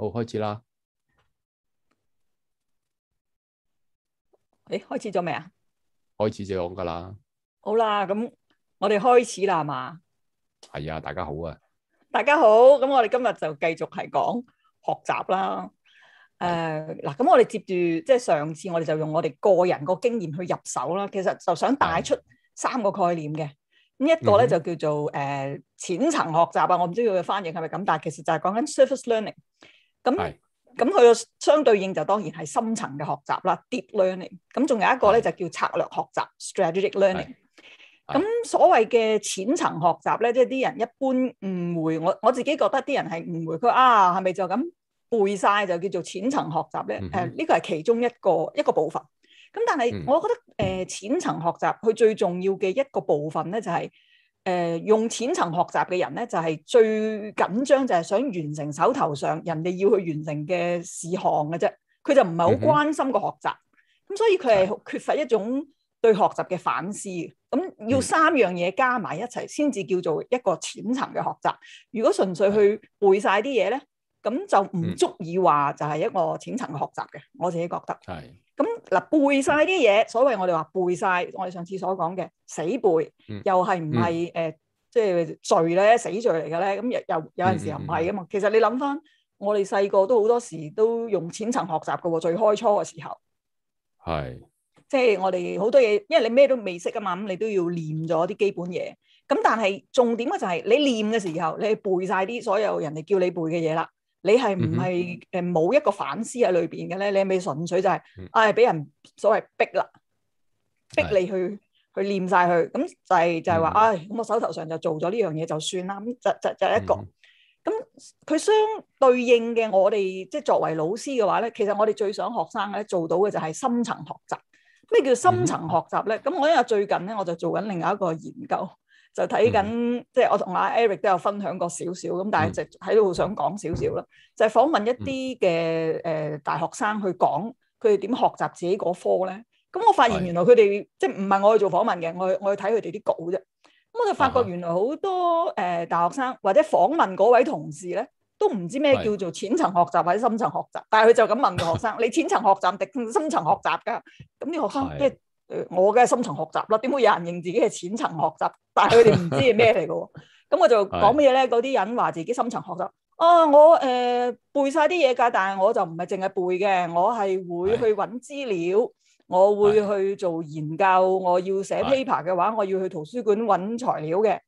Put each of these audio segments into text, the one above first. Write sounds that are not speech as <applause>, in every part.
好開始啦！誒，開始咗未啊？開始就講噶啦。好啦，咁我哋開始啦係嘛。係啊、哎，大家好啊。大家好，咁我哋今日就繼續係講學習啦。誒，嗱、呃，咁我哋接住即係上次我哋就用我哋個人個經驗去入手啦。其實就想帶出三個概念嘅。呢一個咧、嗯、就叫做誒淺層學習啊。我唔知佢嘅翻譯係咪咁，但係其實就係講緊 surface learning。咁咁佢嘅相對應就當然係深層嘅學習啦，deep learning。咁仲有一個咧就叫策略學習，strategic learning。咁所謂嘅淺層學習咧，即係啲人一般誤會我，我自己覺得啲人係誤會佢啊，係咪就咁背晒，就叫做淺層學習咧？誒、嗯，呢個係其中一個一個部分。咁但係我覺得誒、嗯呃、淺層學習佢最重要嘅一個部分咧就係、是。誒、呃，用淺層學習嘅人咧，就係、是、最緊張，就係想完成手頭上人哋要去完成嘅事項嘅啫。佢就唔係好關心個學習，咁、嗯、所以佢係缺乏一種對學習嘅反思。咁要三樣嘢加埋一齊，先至叫做一個淺層嘅學習、嗯。如果純粹去背晒啲嘢咧，咁就唔足以話就係一個淺層嘅學習嘅。我自己覺得係。嗯嗯咁嗱，背晒啲嘢，所謂我哋話背晒，我哋上次所講嘅死背，嗯、又係唔係誒，即、嗯、係、呃即係、罪咧？死罪嚟嘅咧？咁又又有陣時又唔係啊嘛，嗯嗯嗯。其實你諗翻，我哋細個都好多時都用淺層學習嘅喎，最開初嘅時候，係即係我哋好多嘢，因為你咩都未識啊嘛，咁你都要念咗啲基本嘢。咁但係重點嘅就係你念嘅時候，你背晒啲所有人哋叫你背嘅嘢啦。你係唔係誒冇一個反思喺裏邊嘅咧？你係咪純粹就係誒俾人所謂逼啦，逼你去去念晒佢？咁就係、是、就係、是、話，唉、嗯哎，咁我手頭上就做咗呢樣嘢就算啦。咁就就就一個。咁、嗯、佢相對應嘅我哋即係作為老師嘅話咧，其實我哋最想學生咧做到嘅就係深層學習。咩叫深層學習咧？咁、嗯、我因為最近咧，我就做緊另一個研究。就睇緊，即係我同阿 Eric 都有分享過少少咁，但係直喺度想講少少啦。就訪問一啲嘅誒大學生去講佢哋點學習自己嗰科咧。咁我發現原來佢哋即係唔係我去做訪問嘅，我去我去睇佢哋啲稿啫。咁我就發覺原來好多誒大學生或者訪問嗰位同事咧，都唔知咩叫做淺層學習或者深層學習。但係佢就咁問個學生：你淺層學習定深層學習㗎？咁啲學生即係。我梗係深層學習啦，點會有人認自己係淺層學習？但係佢哋唔知係咩嚟嘅。咁 <laughs> 我就講乜嘢咧？嗰啲人話自己深層學習。啊，我誒、呃、背晒啲嘢噶，但係我就唔係淨係背嘅，我係會去揾資料，我會去做研究。我要寫 paper 嘅話的，我要去圖書館揾材料嘅。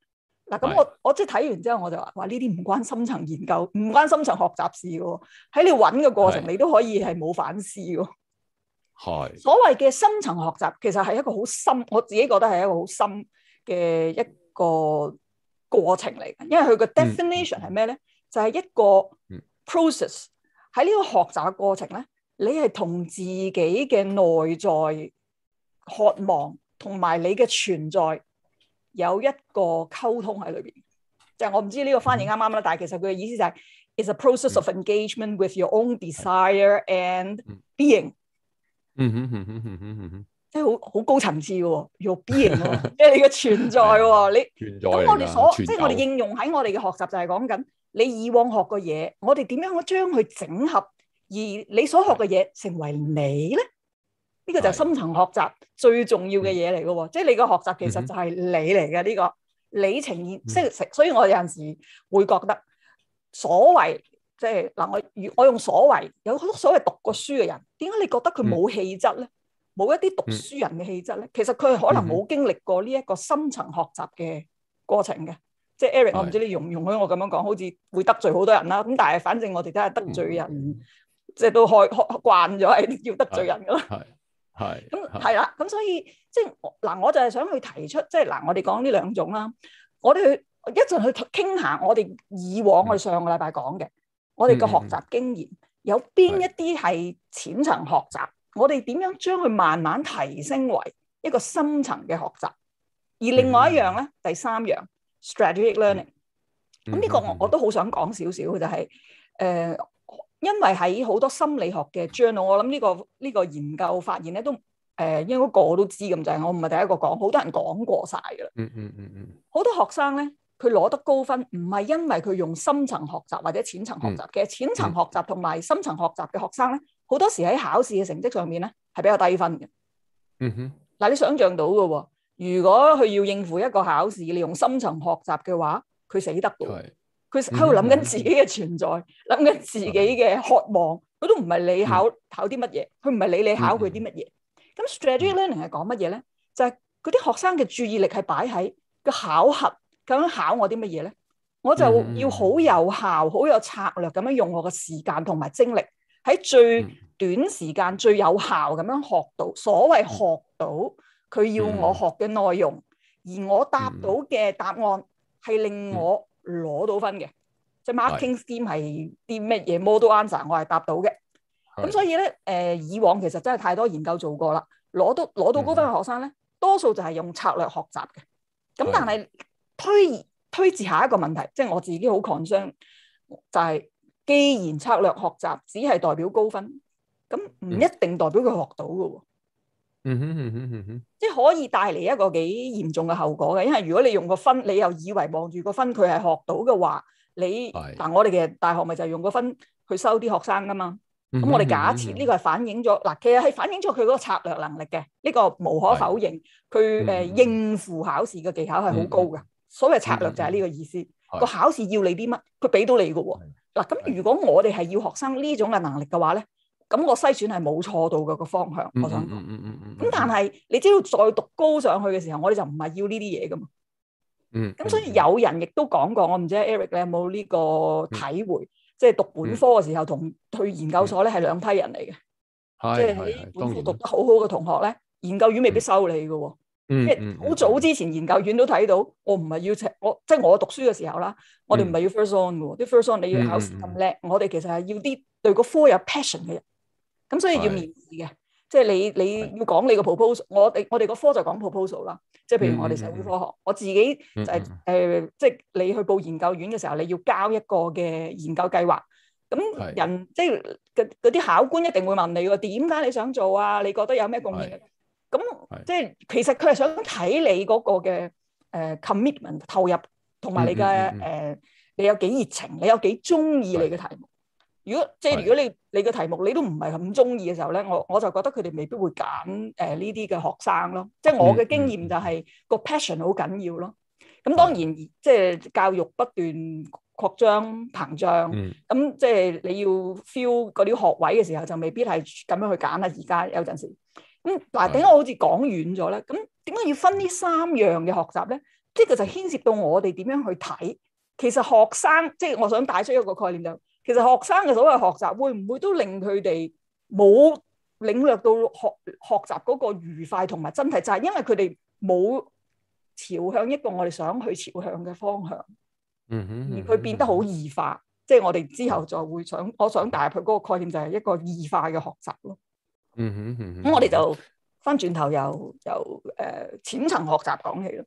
嗱，咁我我即係睇完之後，我就話：，話呢啲唔關深層研究，唔關深層學習事嘅。喺你揾嘅過程，你都可以係冇反思嘅。係所謂嘅深層學習，其實係一個好深，我自己覺得係一個好深嘅一個過程嚟嘅。因為佢個 definition 係咩咧？就係、是、一個 process 喺、嗯、呢個學習過程咧，你係同自己嘅內在渴望同埋你嘅存在有一個溝通喺裏邊。就是、我唔知呢個翻譯啱唔啱啦，但係其實佢嘅意思就係，it's a process of engagement with your own desire and being。嗯哼哼哼哼哼哼，即係好好高層次嘅喎，若必即嘅你嘅存在，你存在咁我哋所即係、就是、我哋應用喺我哋嘅學習就係講緊你以往學嘅嘢，我哋點樣我將佢整合，而你所學嘅嘢成為你咧，呢、這個就係深層學習最重要嘅嘢嚟嘅，即係、就是、你嘅學習其實就係你嚟嘅呢個，你呈現即係，所以我有陣時會覺得所謂。即係嗱、啊，我我用所謂有好多所謂讀過書嘅人，點解你覺得佢冇氣質咧？冇、嗯、一啲讀書人嘅氣質咧？其實佢係可能冇經歷過呢一個深層學習嘅過程嘅。即、嗯、係、就是、Eric，我唔知你容唔容許我咁樣講，好似會得罪好多人啦。咁但係，反正我哋都係得罪人，即係都開學慣咗係要得罪人噶啦。係係咁係啦。咁、嗯 <laughs> 嗯 <laughs> 嗯嗯、所以即係嗱、啊，我就係想去提出，即係嗱、啊，我哋講呢兩種啦。我哋去一陣去傾下我哋以往我哋上個禮拜講嘅。嗯我哋嘅學習經驗有邊一啲係淺層學習？我哋點樣將佢慢慢提升為一個深層嘅學習？而另外一樣咧，第三樣 strategic learning，咁呢個我我都好想講少少嘅，就係、是、誒、呃，因為喺好多心理學嘅 journal，我諗呢、這個呢、這個研究發現咧都誒、呃，應該個個都知咁就係、是，我唔係第一個講，好多人講過晒㗎啦。嗯嗯嗯嗯。好多學生咧。佢攞得高分唔係因為佢用深層學習或者淺層學習嘅，其實淺、嗯、層學習同埋深層學習嘅學生咧，好、嗯、多時喺考試嘅成績上面咧係比較低分嘅。嗯哼，嗱、嗯、你想象到嘅喎，如果佢要應付一個考試，你用深層學習嘅話，佢死得㗎，佢喺度諗緊自己嘅存在，諗、嗯、緊自己嘅渴望，佢都唔係你考、嗯、考啲乜嘢，佢唔係理你考佢啲乜嘢。咁、嗯、strategy learning 係講乜嘢咧？就係嗰啲學生嘅注意力係擺喺個考核。咁樣考我啲乜嘢咧？我就要好有效、好、嗯、有策略咁樣用我嘅時間同埋精力，喺最短時間、最有效咁樣學到、嗯、所謂學到佢要我學嘅內容、嗯，而我答到嘅答案係令我攞到分嘅，即、嗯、係、就是、marking scheme 係啲乜嘢 model answer，我係答到嘅。咁所以咧、呃，以往其實真係太多研究做過啦，攞到攞到高分嘅學生咧，多數就係用策略學習嘅。咁但係推推至下一個問題，即係我自己好 concern，就係、是、既然策略學習只係代表高分，咁唔一定代表佢學到嘅喎。嗯哼，哼，哼即係可以帶嚟一個幾嚴重嘅後果嘅，因為如果你用個分，你又以為望住個分佢係學到嘅話，你但係我哋嘅大學咪就係用個分去收啲學生噶嘛。咁、嗯、我哋假設呢個係反映咗，嗱其實係反映咗佢嗰個策略能力嘅，呢、這個無可否認，佢誒應付考試嘅技巧係好高嘅。嗯哼哼。所謂策略就係呢個意思，個、嗯嗯、考試要你啲乜，佢俾到你嘅喎。嗱，咁如果我哋係要學生呢種嘅能力嘅話咧，咁我篩選係冇錯到嘅個方向。嗯、我想講，咁、嗯嗯嗯、但係你知道再讀高上去嘅時候，我哋就唔係要呢啲嘢嘅嘛。嗯。咁所以有人亦都講過，我唔知 Eric 你有冇呢個體會？即、嗯、係、即係、讀本科嘅時候同去研究所咧係兩批人嚟嘅。即係喺本科讀得好好嘅同學咧、嗯嗯，研究院未必收你嘅。即、mm、好 -hmm. 早之前，研究院都睇到我唔係，我唔係要請我，即係我讀書嘅時候啦，我哋唔係要 first on 嘅喎，啲、mm -hmm. first on 你要考試咁叻，mm -hmm. 我哋其實係要啲對個科有 passion 嘅人，咁、mm -hmm. 所以要面試嘅，即係，你你要講你個 proposal，我我哋個科就講 proposal 啦，即係譬如我哋社會科學，mm -hmm. 我自己就係，即係你去報研究院嘅時候，你要交一個嘅研究計劃，咁人即係嗰啲考官一定會問你喎，點解你想做啊？你覺得有咩貢獻？咁即係其實佢係想睇你嗰個嘅誒、uh, commitment 投入，同埋你嘅誒、uh, 你有幾熱情，你有幾中意你嘅題目。如果即係如果你你嘅題目你都唔係咁中意嘅時候咧，我我就覺得佢哋未必會揀誒呢啲嘅學生咯。即係我嘅經驗就係、是嗯就是、個 passion 好緊要咯。咁當然、嗯、即係教育不斷擴張膨脹，咁、嗯、即係你要 feel 嗰啲學位嘅時候，就未必係咁樣去揀啦。而家有陣時。咁嗱，點解我好似講遠咗咧？咁點解要分呢三樣嘅學習咧？即係就牽涉到我哋點樣去睇。其實學生，即係我想帶出一個概念就是，其實學生嘅所謂學習，會唔會都令佢哋冇領略到學學習嗰個愉快同埋真係？就係因為佢哋冇朝向一個我哋想去朝向嘅方向。嗯哼。而佢變得好易化，即 <laughs> 係我哋之後再會想，我想帶入去嗰個概念就係一個易化嘅學習咯。嗯哼，咁、嗯、我哋就返轉頭又由誒淺層學習講起咯。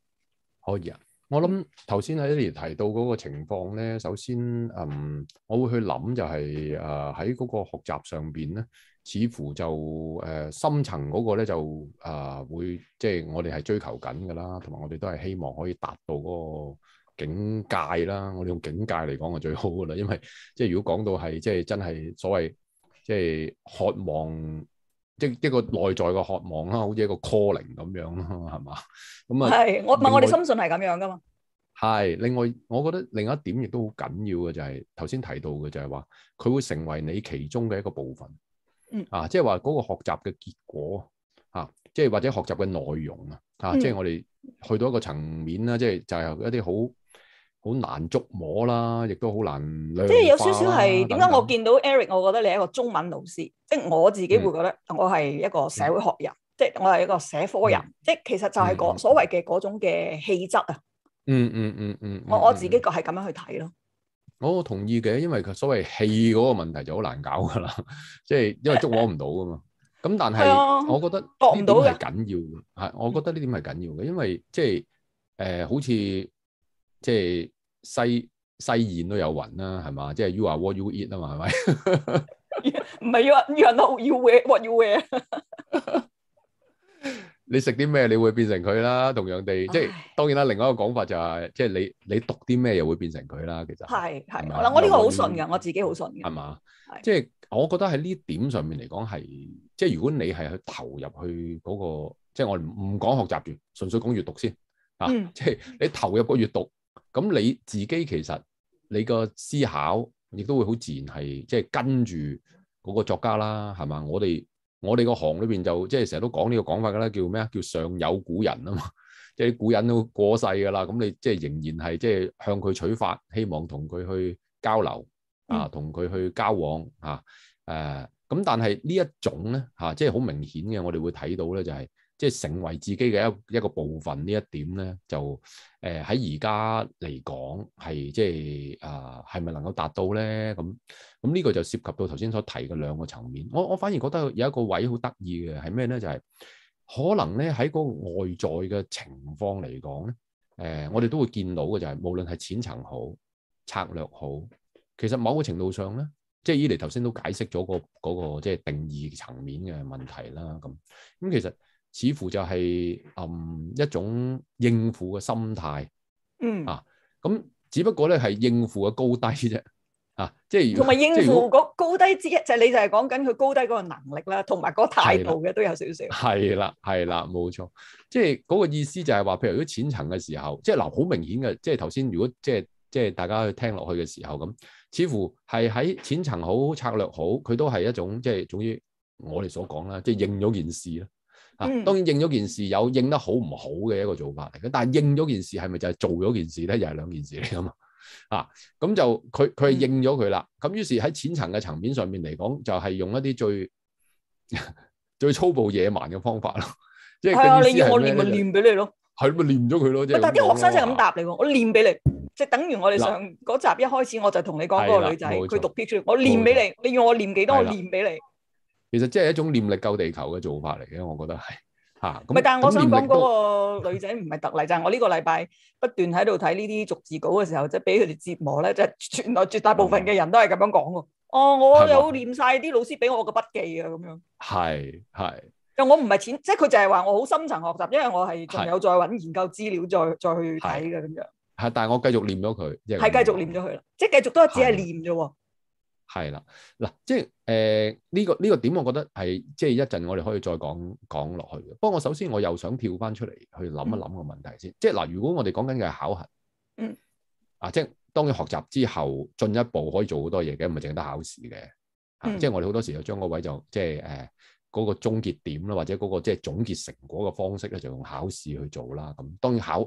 可以啊，我諗頭先喺呢度提到嗰個情況咧，首先、嗯、我會去諗就係誒喺嗰個學習上邊咧，似乎就誒、呃、深層嗰個咧就啊、呃、會即係、就是、我哋係追求緊噶啦，同埋我哋都係希望可以達到嗰個境界啦。我哋用境界嚟講係最好噶啦，因為即係、就是、如果講到係即係真係所謂即係渴望。即一個內在嘅渴望啦，好似一個 calling 咁樣咯，係嘛？咁啊，係我問我哋深信係咁樣噶嘛。係另外，我覺得另一點亦都好緊要嘅就係頭先提到嘅就係話，佢會成為你其中嘅一個部分。嗯啊，即係話嗰個學習嘅結果啊，即係或者學習嘅內容啊，啊，嗯、即係我哋去到一個層面啦，即係就係一啲好。好難捉摸啦，亦都好難。即係有少少係點解？我見到 Eric，我覺得你係一個中文老師，即係我自己會覺得我係一個社會學人，即係我係一個社科人，即係其實就係嗰所謂嘅嗰種嘅氣質啊。嗯嗯嗯嗯，我我自己就係咁樣去睇咯。我同意嘅，因為佢所謂氣嗰個問題就好難搞噶啦，即係因為捉摸唔到噶嘛。咁但係我覺得呢點係緊要嘅吓，我覺得呢點係緊要嘅，因為即係誒，好似即係。西西燕都有雲啦，係嘛？即係 you are what you eat 啊嘛，係咪？唔係 you are you know you what you wear。你食啲咩，你會變成佢啦。同樣地，即係當然啦、啊。另外一個講法就係、是，即係你你讀啲咩，又會變成佢啦。其實係係嗱，我呢個好信嘅，我自己好信嘅。係嘛？即係我覺得喺呢點上面嚟講是，係即係如果你係去投入去嗰、那個，即係我唔講學習住，純粹講閲讀先、嗯、啊。即係你投入個閲讀。咁你自己其實你個思考，亦都會好自然係，即係跟住嗰個作家啦，係嘛？我哋我哋個行裏邊就即係成日都講呢個講法噶啦，叫咩啊？叫上有古人啊嘛，即係古人都過世噶啦，咁你即係仍然係即係向佢取法，希望同佢去交流、嗯、啊，同佢去交往吓誒。咁、啊嗯、但係呢一種咧吓，即係好明顯嘅，我哋會睇到咧就係。即、就、係、是、成為自己嘅一一個部分呢一點咧，就誒喺而家嚟講係即係啊，係、呃、咪、就是呃、能夠達到咧？咁咁呢個就涉及到頭先所提嘅兩個層面。我我反而覺得有一個位好得意嘅係咩咧？就係、是、可能咧喺個外在嘅情況嚟講咧，誒、呃、我哋都會見到嘅就係、是、無論係淺層好策略好，其實某個程度上咧，即係依嚟頭先都解釋咗、嗰個即係定義層面嘅問題啦。咁咁其實。似乎就係、是、嗯一種應付嘅心態，嗯啊，咁只不過咧係應付嘅高低啫，啊，即係同埋應付、嗰個、高低之一，就係、是、你就係講緊佢高低嗰個能力啦，同埋嗰態度嘅都有少少。係啦，係啦，冇錯，即係嗰個意思就係話，譬如如果淺層嘅時候，即係嗱好明顯嘅，即係頭先如果即係即係大家去聽落去嘅時候咁，似乎係喺淺層好策略好，佢都係一種即係總之我哋所講啦，即係應咗件事啦。啊、嗯，當然應咗件事有應得好唔好嘅一個做法嚟嘅，但係應咗件事係咪就係做咗件事咧？又係兩件事嚟噶嘛？啊，咁就佢佢係應咗佢啦。咁於是喺、嗯、淺層嘅層面上面嚟講，就係、是、用一啲最最粗暴野蠻嘅方法咯。即、就、係、是啊、你要我念咪念俾你咯，係咪、就是、念咗佢咯、就是、咯？但啲學生就係咁答你喎，我念俾你，即、就、係、是、等於我哋上嗰、啊、集一開始我就同你講嗰個女仔，佢、啊、讀 picture，我念俾你，你要我念幾多我念俾你。其實即係一種念力救地球嘅做法嚟嘅，我覺得係吓。唔、啊、但係我想講嗰個女仔唔係特例，就係、是、我呢個禮拜不斷喺度睇呢啲逐字稿嘅時候，即係俾佢哋折磨咧，即係原來絕大部分嘅人都係咁樣講㗎。哦，我有念晒啲老師俾我嘅筆記啊，咁樣係係。又我唔係淺，即係佢就係、是、話我好深層學習，因為我係仲有再搵研究資料再，再再去睇嘅咁樣。係，但係我繼續念咗佢，係、就、繼、是、續念咗佢啦，即係繼續都只係念啫。係啦，嗱，即係誒呢個呢、呢個點，我覺得係即係一陣我哋可以再講講落去的。不過我首先我又想跳翻出嚟去諗一諗個問題先。嗯、即係嗱，如果我哋講緊嘅係考核，嗯，啊，即係當然學習之後進一步可以做好多嘢嘅，唔係淨得考試嘅、啊嗯。即係我哋好多時候就將個位就即係誒嗰個終結點啦，或者嗰、嗰個即係總結成果嘅方式咧，就用考試去做啦。咁當然考，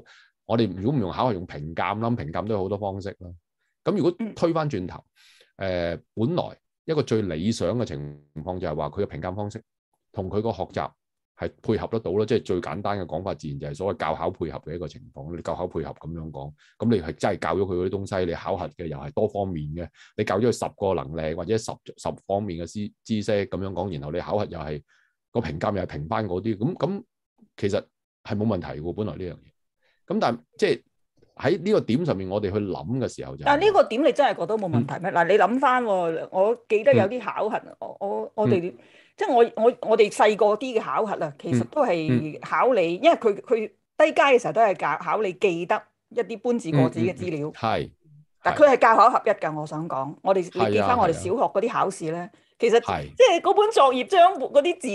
我哋如果唔用考核，用評鑑咁，評鑑都有好多方式啦。咁如果推翻轉頭。嗯誒，本來一個最理想嘅情況就係話佢嘅評鑑方式同佢個學習係配合得到咯，即係最簡單嘅講法自然就係所謂教考配合嘅一個情況。你教考配合咁樣講，咁你係真係教咗佢嗰啲東西，你考核嘅又係多方面嘅，你教咗佢十個能力或者十十方面嘅知知識咁樣講，然後你考核又係個評鑑又係評返嗰啲，咁咁其實係冇問題嘅。本來呢樣嘢，咁但即係。即係喺呢個點上面，我哋去諗嘅時候就……但係呢個點你真係覺得冇問題咩？嗱、嗯，你諗翻，我記得有啲考核，嗯、我我、嗯、我哋即係我我我哋細個啲嘅考核啦，其實都係考你，嗯嗯、因為佢佢低階嘅時候都係教考你記得一啲搬字過紙嘅資料。係、嗯嗯嗯嗯，但佢係教考合一㗎。我想講，我哋、啊、你記翻我哋小學嗰啲考試咧、啊，其實即係嗰本作業將嗰啲字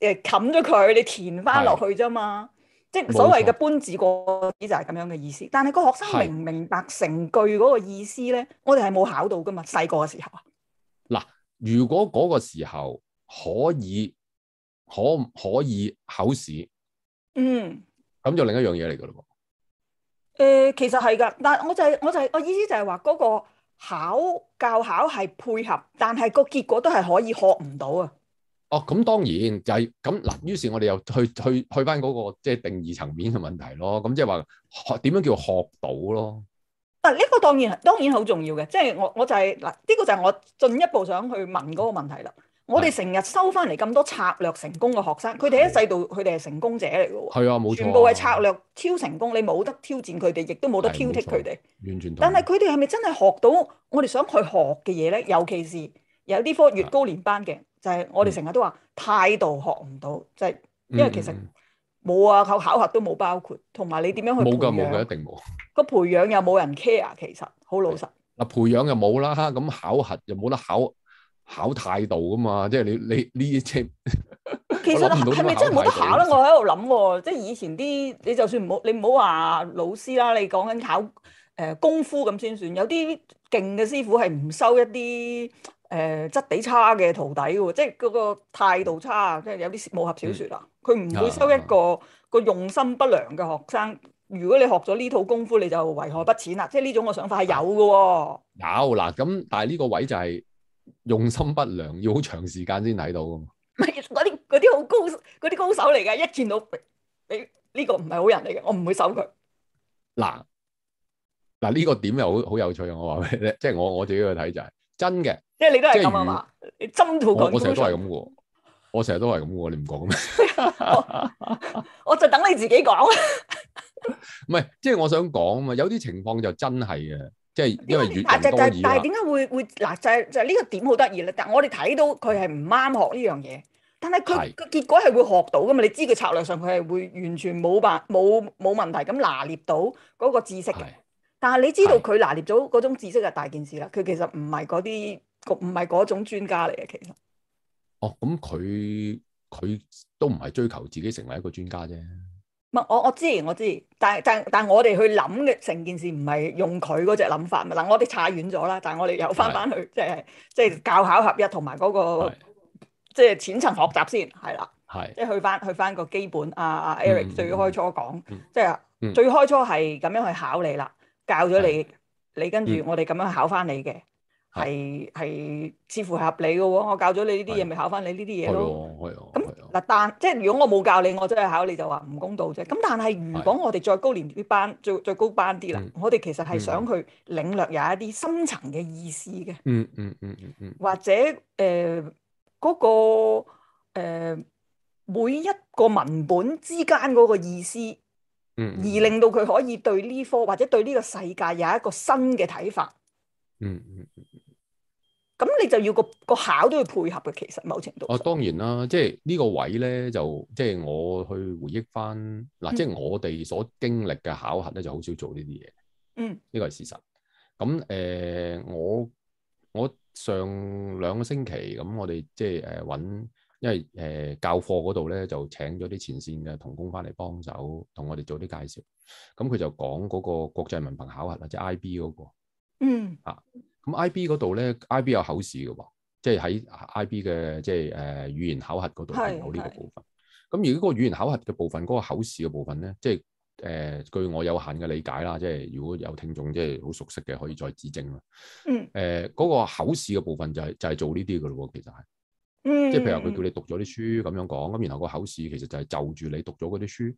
誒冚咗佢，你填翻落去啫嘛。即係所謂嘅搬字過紙就係咁樣嘅意思，但係個學生明唔明白成句嗰個意思咧？我哋係冇考到噶嘛，細個嘅時候啊。嗱，如果嗰個時候可以可以可以考試，嗯，咁就是另一樣嘢嚟噶啦。誒、呃，其實係噶，但係我就係、是、我就係、是、我意思就係話嗰個考教考係配合，但係個結果都係可以學唔到啊。哦，咁當然就係咁嗱，於是，我哋又去去去翻嗰個即係定義層面嘅問題咯。咁即係話點樣叫學到咯？嗱，呢個當然當然好重要嘅，即係我我就係嗱，呢個就係我進一步想去問嗰個問題啦。我哋成日收翻嚟咁多策略成功嘅學生，佢哋喺制度，佢哋係成功者嚟嘅喎。係啊，冇錯，全部係策略超成功，你冇得挑戰佢哋，亦都冇得挑剔佢哋。完全。但係佢哋係咪真係學到我哋想去學嘅嘢咧？尤其是有啲科越高年班嘅。就係、是、我哋成日都話態度學唔到，就係、是、因為其實冇啊，考考核都冇包括，同埋你點樣去培養？冇㗎，冇㗎，一定冇。個培養又冇人 care，其實好老實。嗱，培養又冇啦，咁考核又冇得考考態度㗎嘛，即係你你呢一即其實係咪真係冇得考咧？我喺度諗喎，即係以前啲你就算唔好你唔好話老師啦，你講緊考誒、呃、功夫咁先算，有啲勁嘅師傅係唔收一啲。誒、呃，質地差嘅徒弟喎，即係嗰個態度差，即係有啲武俠小說啊，佢、嗯、唔會收一個、嗯、一個用心不良嘅學生、嗯。如果你學咗呢套功夫，你就為害不淺、哦、啦。即係呢種嘅想法係有嘅。有嗱，咁但係呢個位就係用心不良，要好長時間先睇到噶。嘛。係嗰啲啲好高啲高手嚟嘅，一見到你呢、這個唔係好人嚟嘅，我唔會收佢。嗱嗱呢個點又好好有趣啊！我話畀你，即係我我自己去睇就係、是。真嘅，即係你都係咁啊嘛，你中途講， <laughs> 我成日都係咁喎，我成日都係咁喎，你唔講咩？我就等你自己講。唔係，即係我想講啊嘛，有啲情況就真係嘅，即係因為越人但係點解會會嗱就係、就係呢個點好得意咧？但係我哋睇到佢係唔啱學呢樣嘢，但係佢個結果係會學到噶嘛？你知佢策略上佢係會完全冇辦冇冇問題咁拿捏到嗰個知識嘅。但係你知道佢拿捏咗嗰種知識就大件事啦，佢其實唔係嗰啲唔係嗰種專家嚟嘅，其實。哦，咁佢佢都唔係追求自己成為一個專家啫。唔，我我知我知，但係但係但係我哋去諗嘅成件事唔係用佢嗰隻諗法，嗱，我哋差遠咗啦，但係我哋又翻翻去，即係即係教考合一，同埋嗰個即係淺層學習先，係啦，係，即係去翻去翻個基本啊啊 Eric、嗯、最開初講，即係、嗯、最開初係咁樣去考你啦。教咗你，你跟住我哋咁樣考翻你嘅，係、嗯、係似乎合理嘅喎。我教咗你呢啲嘢，咪考翻你呢啲嘢咯。咁嗱，但即係如果我冇教你，我真係考你就話唔公道啫。咁但係如果我哋再高年啲班，再最，最高班啲啦，嗯，我哋其實係想佢領略有一啲深層嘅意思嘅。嗯嗯嗯嗯嗯，或者誒嗰、呃嗰個、呃、每一個文本之間嗰個意思。嗯，而令到佢可以對呢科或者對呢個世界有一個新嘅睇法。嗯嗯嗯，咁、嗯、你就要個個考都要配合嘅，其實某程度。哦、啊，當然啦，即係呢個位咧，就即係、就是、我去回憶翻嗱，即係我哋所經歷嘅考核咧，就好少做呢啲嘢。嗯，啊就是、呢個係、嗯、事實。咁、誒、呃，我我上兩個星期咁，我哋即係誒揾。就是呃因為誒、呃、教課嗰度咧就請咗啲前線嘅同工翻嚟幫手，同我哋做啲介紹。咁佢就講嗰個國際文憑考核啦，即、就、係、是、IB 嗰、那個。嗯。啊，咁 IB 嗰度咧，IB 有口試嘅，即係喺 IB 嘅即係誒語言考核嗰度係有呢個部分。咁如果個語言考核嘅部分，嗰、那個口試嘅部分咧，即係誒據我有限嘅理解啦，即、就、係、是、如果有聽眾即係好熟悉嘅，可以再指正啦。嗯。誒、呃，嗰、那個口試嘅部分就係、是、就係、是、做呢啲噶咯，其實係。嗯、即係譬如佢叫你讀咗啲書咁樣講，咁然後個考試其實就係就住你讀咗嗰啲書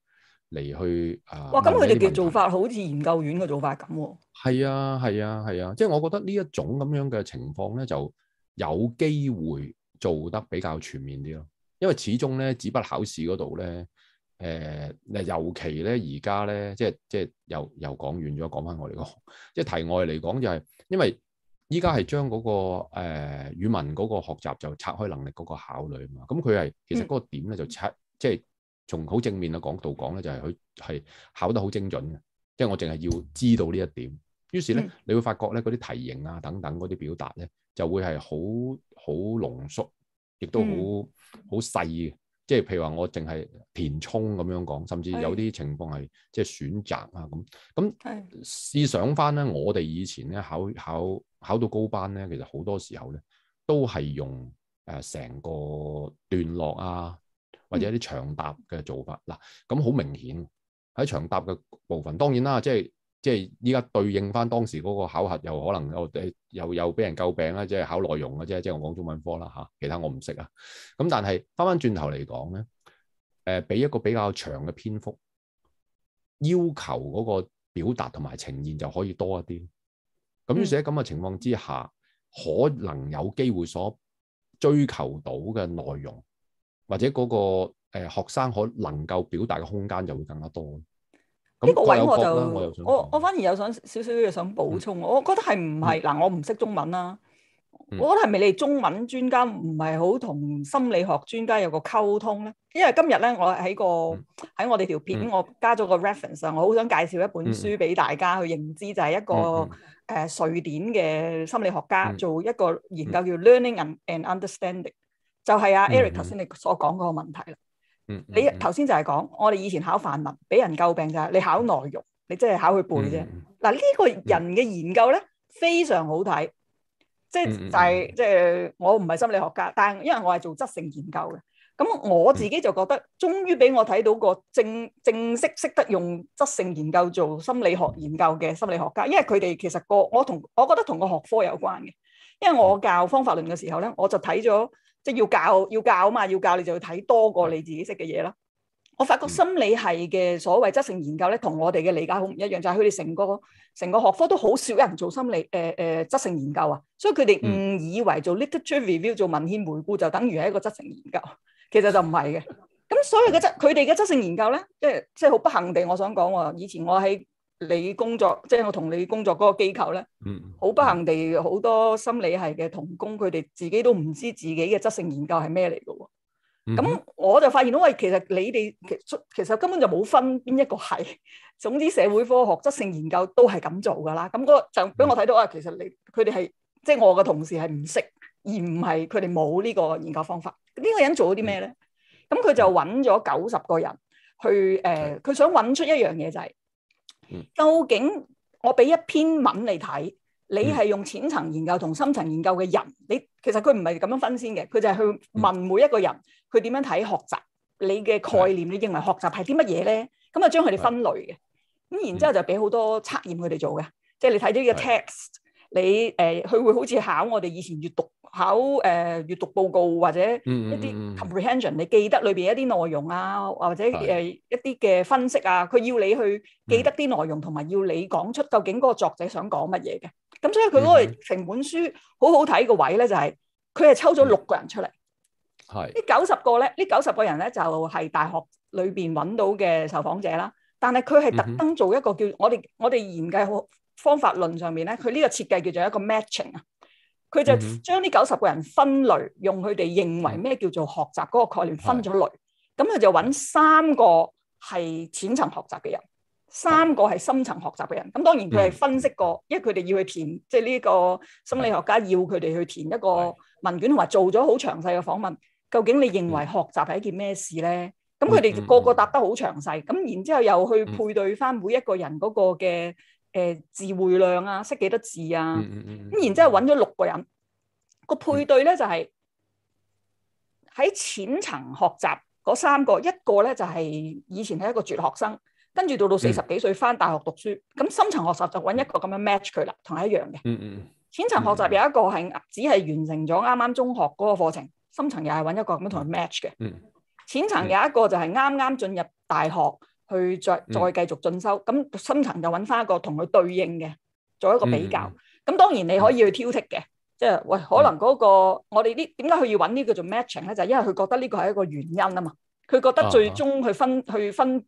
嚟去啊。哇，咁佢哋嘅做法好似研究院嘅做法咁。係、嗯嗯嗯嗯嗯、啊，係啊，係啊，即係我覺得呢一種咁樣嘅情況咧，就有機會做得比較全面啲咯。因為始終咧，紙筆考試嗰度咧，誒、呃，尤其咧而家咧，即係即係又又講遠咗，講翻我哋個，即係題外嚟講就係、是，因為。依家係將嗰、那個誒、呃、語文嗰個學習就拆開能力嗰個考慮啊嘛，咁佢係其實嗰個點咧就拆，即、嗯、係、就是、從好正面嘅角度講咧，就係佢係考得好精準嘅，即係我淨係要知道呢一點。於是咧、嗯，你會發覺咧嗰啲題型啊等等嗰啲表達咧，就會係好好濃縮，亦都好好、嗯、細嘅。即、就、係、是、譬如話，我淨係填充咁樣講，甚至有啲情況係即係選擇啊咁。咁係想翻咧，我哋以前咧考考。考考到高班咧，其實好多時候咧，都係用誒成、呃、個段落啊，或者一啲長答嘅做法嗱，咁好明顯喺長答嘅部分。當然啦，即係即係依家對應返當時嗰個考核，又可能又又又俾人詬病啦，即係考內容嘅啫，即係我講中文科啦吓，其他我唔識啊。咁但係返返轉頭嚟講咧，誒、呃、俾一個比較長嘅篇幅，要求嗰個表達同埋呈現就可以多一啲。咁於是喺咁嘅情況之下、嗯，可能有機會所追求到嘅內容，或者嗰、那個誒、呃、學生可能，能夠表達嘅空間就會更加多。呢個位、這個、我就，我我，我，我反而有想少少嘅想補充，我覺得係唔係嗱？我唔識中文啦，我覺得係咪、嗯啊嗯、你哋中文專家唔係好同心理學專家有個溝通咧？因為今日咧，我喺個喺、嗯、我哋條片、嗯，我加咗個 reference 啊、嗯嗯，我好想介紹一本書俾大家、嗯、去認知，就係一個。嗯嗯啊、瑞典嘅心理學家做一個研究叫 learning and understanding，、嗯、就係、是、阿、啊、Eric 頭先你所講嗰個問題、嗯嗯、你頭先就係講、嗯、我哋以前考範文俾人詬病就係你考內容，你即係考佢背啫。嗱、嗯、呢、嗯這個人嘅研究咧非常好睇，即係就係、是、即、就是、我唔係心理學家，但係因為我係做質性研究嘅。咁我自己就覺得，終於俾我睇到個正正式識得用質性研究做心理學研究嘅心理學家，因為佢哋其實個我同我覺得同個學科有關嘅，因為我教方法論嘅時候咧，我就睇咗即係要教要教啊嘛，要教你就要睇多過你自己識嘅嘢啦。我發覺心理系嘅所謂質性研究咧，同我哋嘅理解好唔一樣，就係佢哋成個成個學科都好少人做心理誒誒質性研究啊，所以佢哋誤以為做 literature review 做文獻回顧就等於係一個質性研究。其實就唔係嘅，咁所有嘅質佢哋嘅質性研究咧，即係即係好不幸地，我想講喎。以前我喺你工作，即係我同你工作嗰個機構咧，好不幸地，好多心理系嘅同工，佢哋自己都唔知自己嘅質性研究係咩嚟嘅。咁我就發現到，喂，其實你哋其其實根本就冇分邊一個係，總之社會科學質性研究都係咁做噶啦。咁個就俾我睇到啊，其實你佢哋係即係我嘅同事係唔識。而唔係佢哋冇呢個研究方法。呢、這個人做咗啲咩咧？咁佢就揾咗九十個人去誒，佢、呃、想揾出一樣嘢就係、是嗯，究竟我俾一篇文你睇，你係用淺層研究同深層研究嘅人，你其實佢唔係咁樣分先嘅，佢就係去問每一個人佢點樣睇學習，你嘅概念，你認為學習係啲乜嘢咧？咁啊將佢哋分類嘅，咁、嗯、然之後就俾好多測驗佢哋做嘅，即係你睇到呢個 text。你誒佢、呃、會好似考我哋以前閱讀考誒閱、呃、讀報告或者一啲 comprehension，mm -hmm. 你記得裏邊一啲內容啊，或者誒一啲嘅分析啊，佢、mm -hmm. 要你去記得啲內容，同埋要你講出究竟嗰個作者想講乜嘢嘅。咁所以佢嗰個成本書很好好睇個位咧，就係佢係抽咗六個人出嚟。係、mm -hmm. 呢九十個咧，呢九十個人咧就係、是、大學裏邊揾到嘅受訪者啦。但係佢係特登做一個叫我哋、mm -hmm. 我哋研究。好。方法論上面咧，佢呢個設計叫做一個 matching 啊，佢就將呢九十個人分類，用佢哋認為咩叫做學習嗰個概念分咗類，咁佢就揾三個係淺層學習嘅人，三個係深層學習嘅人。咁當然佢係分析過，的因為佢哋要去填，即係呢個心理學家要佢哋去填一個問卷同埋做咗好詳細嘅訪問。究竟你認為學習係一件咩事咧？咁佢哋個個答得好詳細。咁然之後又去配對翻每一個人嗰個嘅。誒，字彙量啊，識幾多字啊？咁、嗯嗯、然之後揾咗六個人，個、嗯、配對咧就係、是、喺淺層學習嗰三個，嗯、一個咧就係、是、以前係一個輟學生，跟住到到四十幾歲返大學讀書。咁、嗯、深層學習就揾一個咁樣 match 佢啦，同你一樣嘅。嗯嗯嗯。淺層學習有一個係只係完成咗啱啱中學嗰個課程，深層又係揾一個咁樣同佢 match 嘅、嗯。嗯。淺層有一個就係啱啱進入大學。去再再繼續進修，咁深層就揾翻一個同佢對應嘅，做一個比較。咁當然你可以去挑剔嘅，即係喂，可能嗰個我哋啲點解佢要揾呢個做 matching 咧？就係因為佢覺得呢個係一個原因啊嘛。佢覺得最終去分去分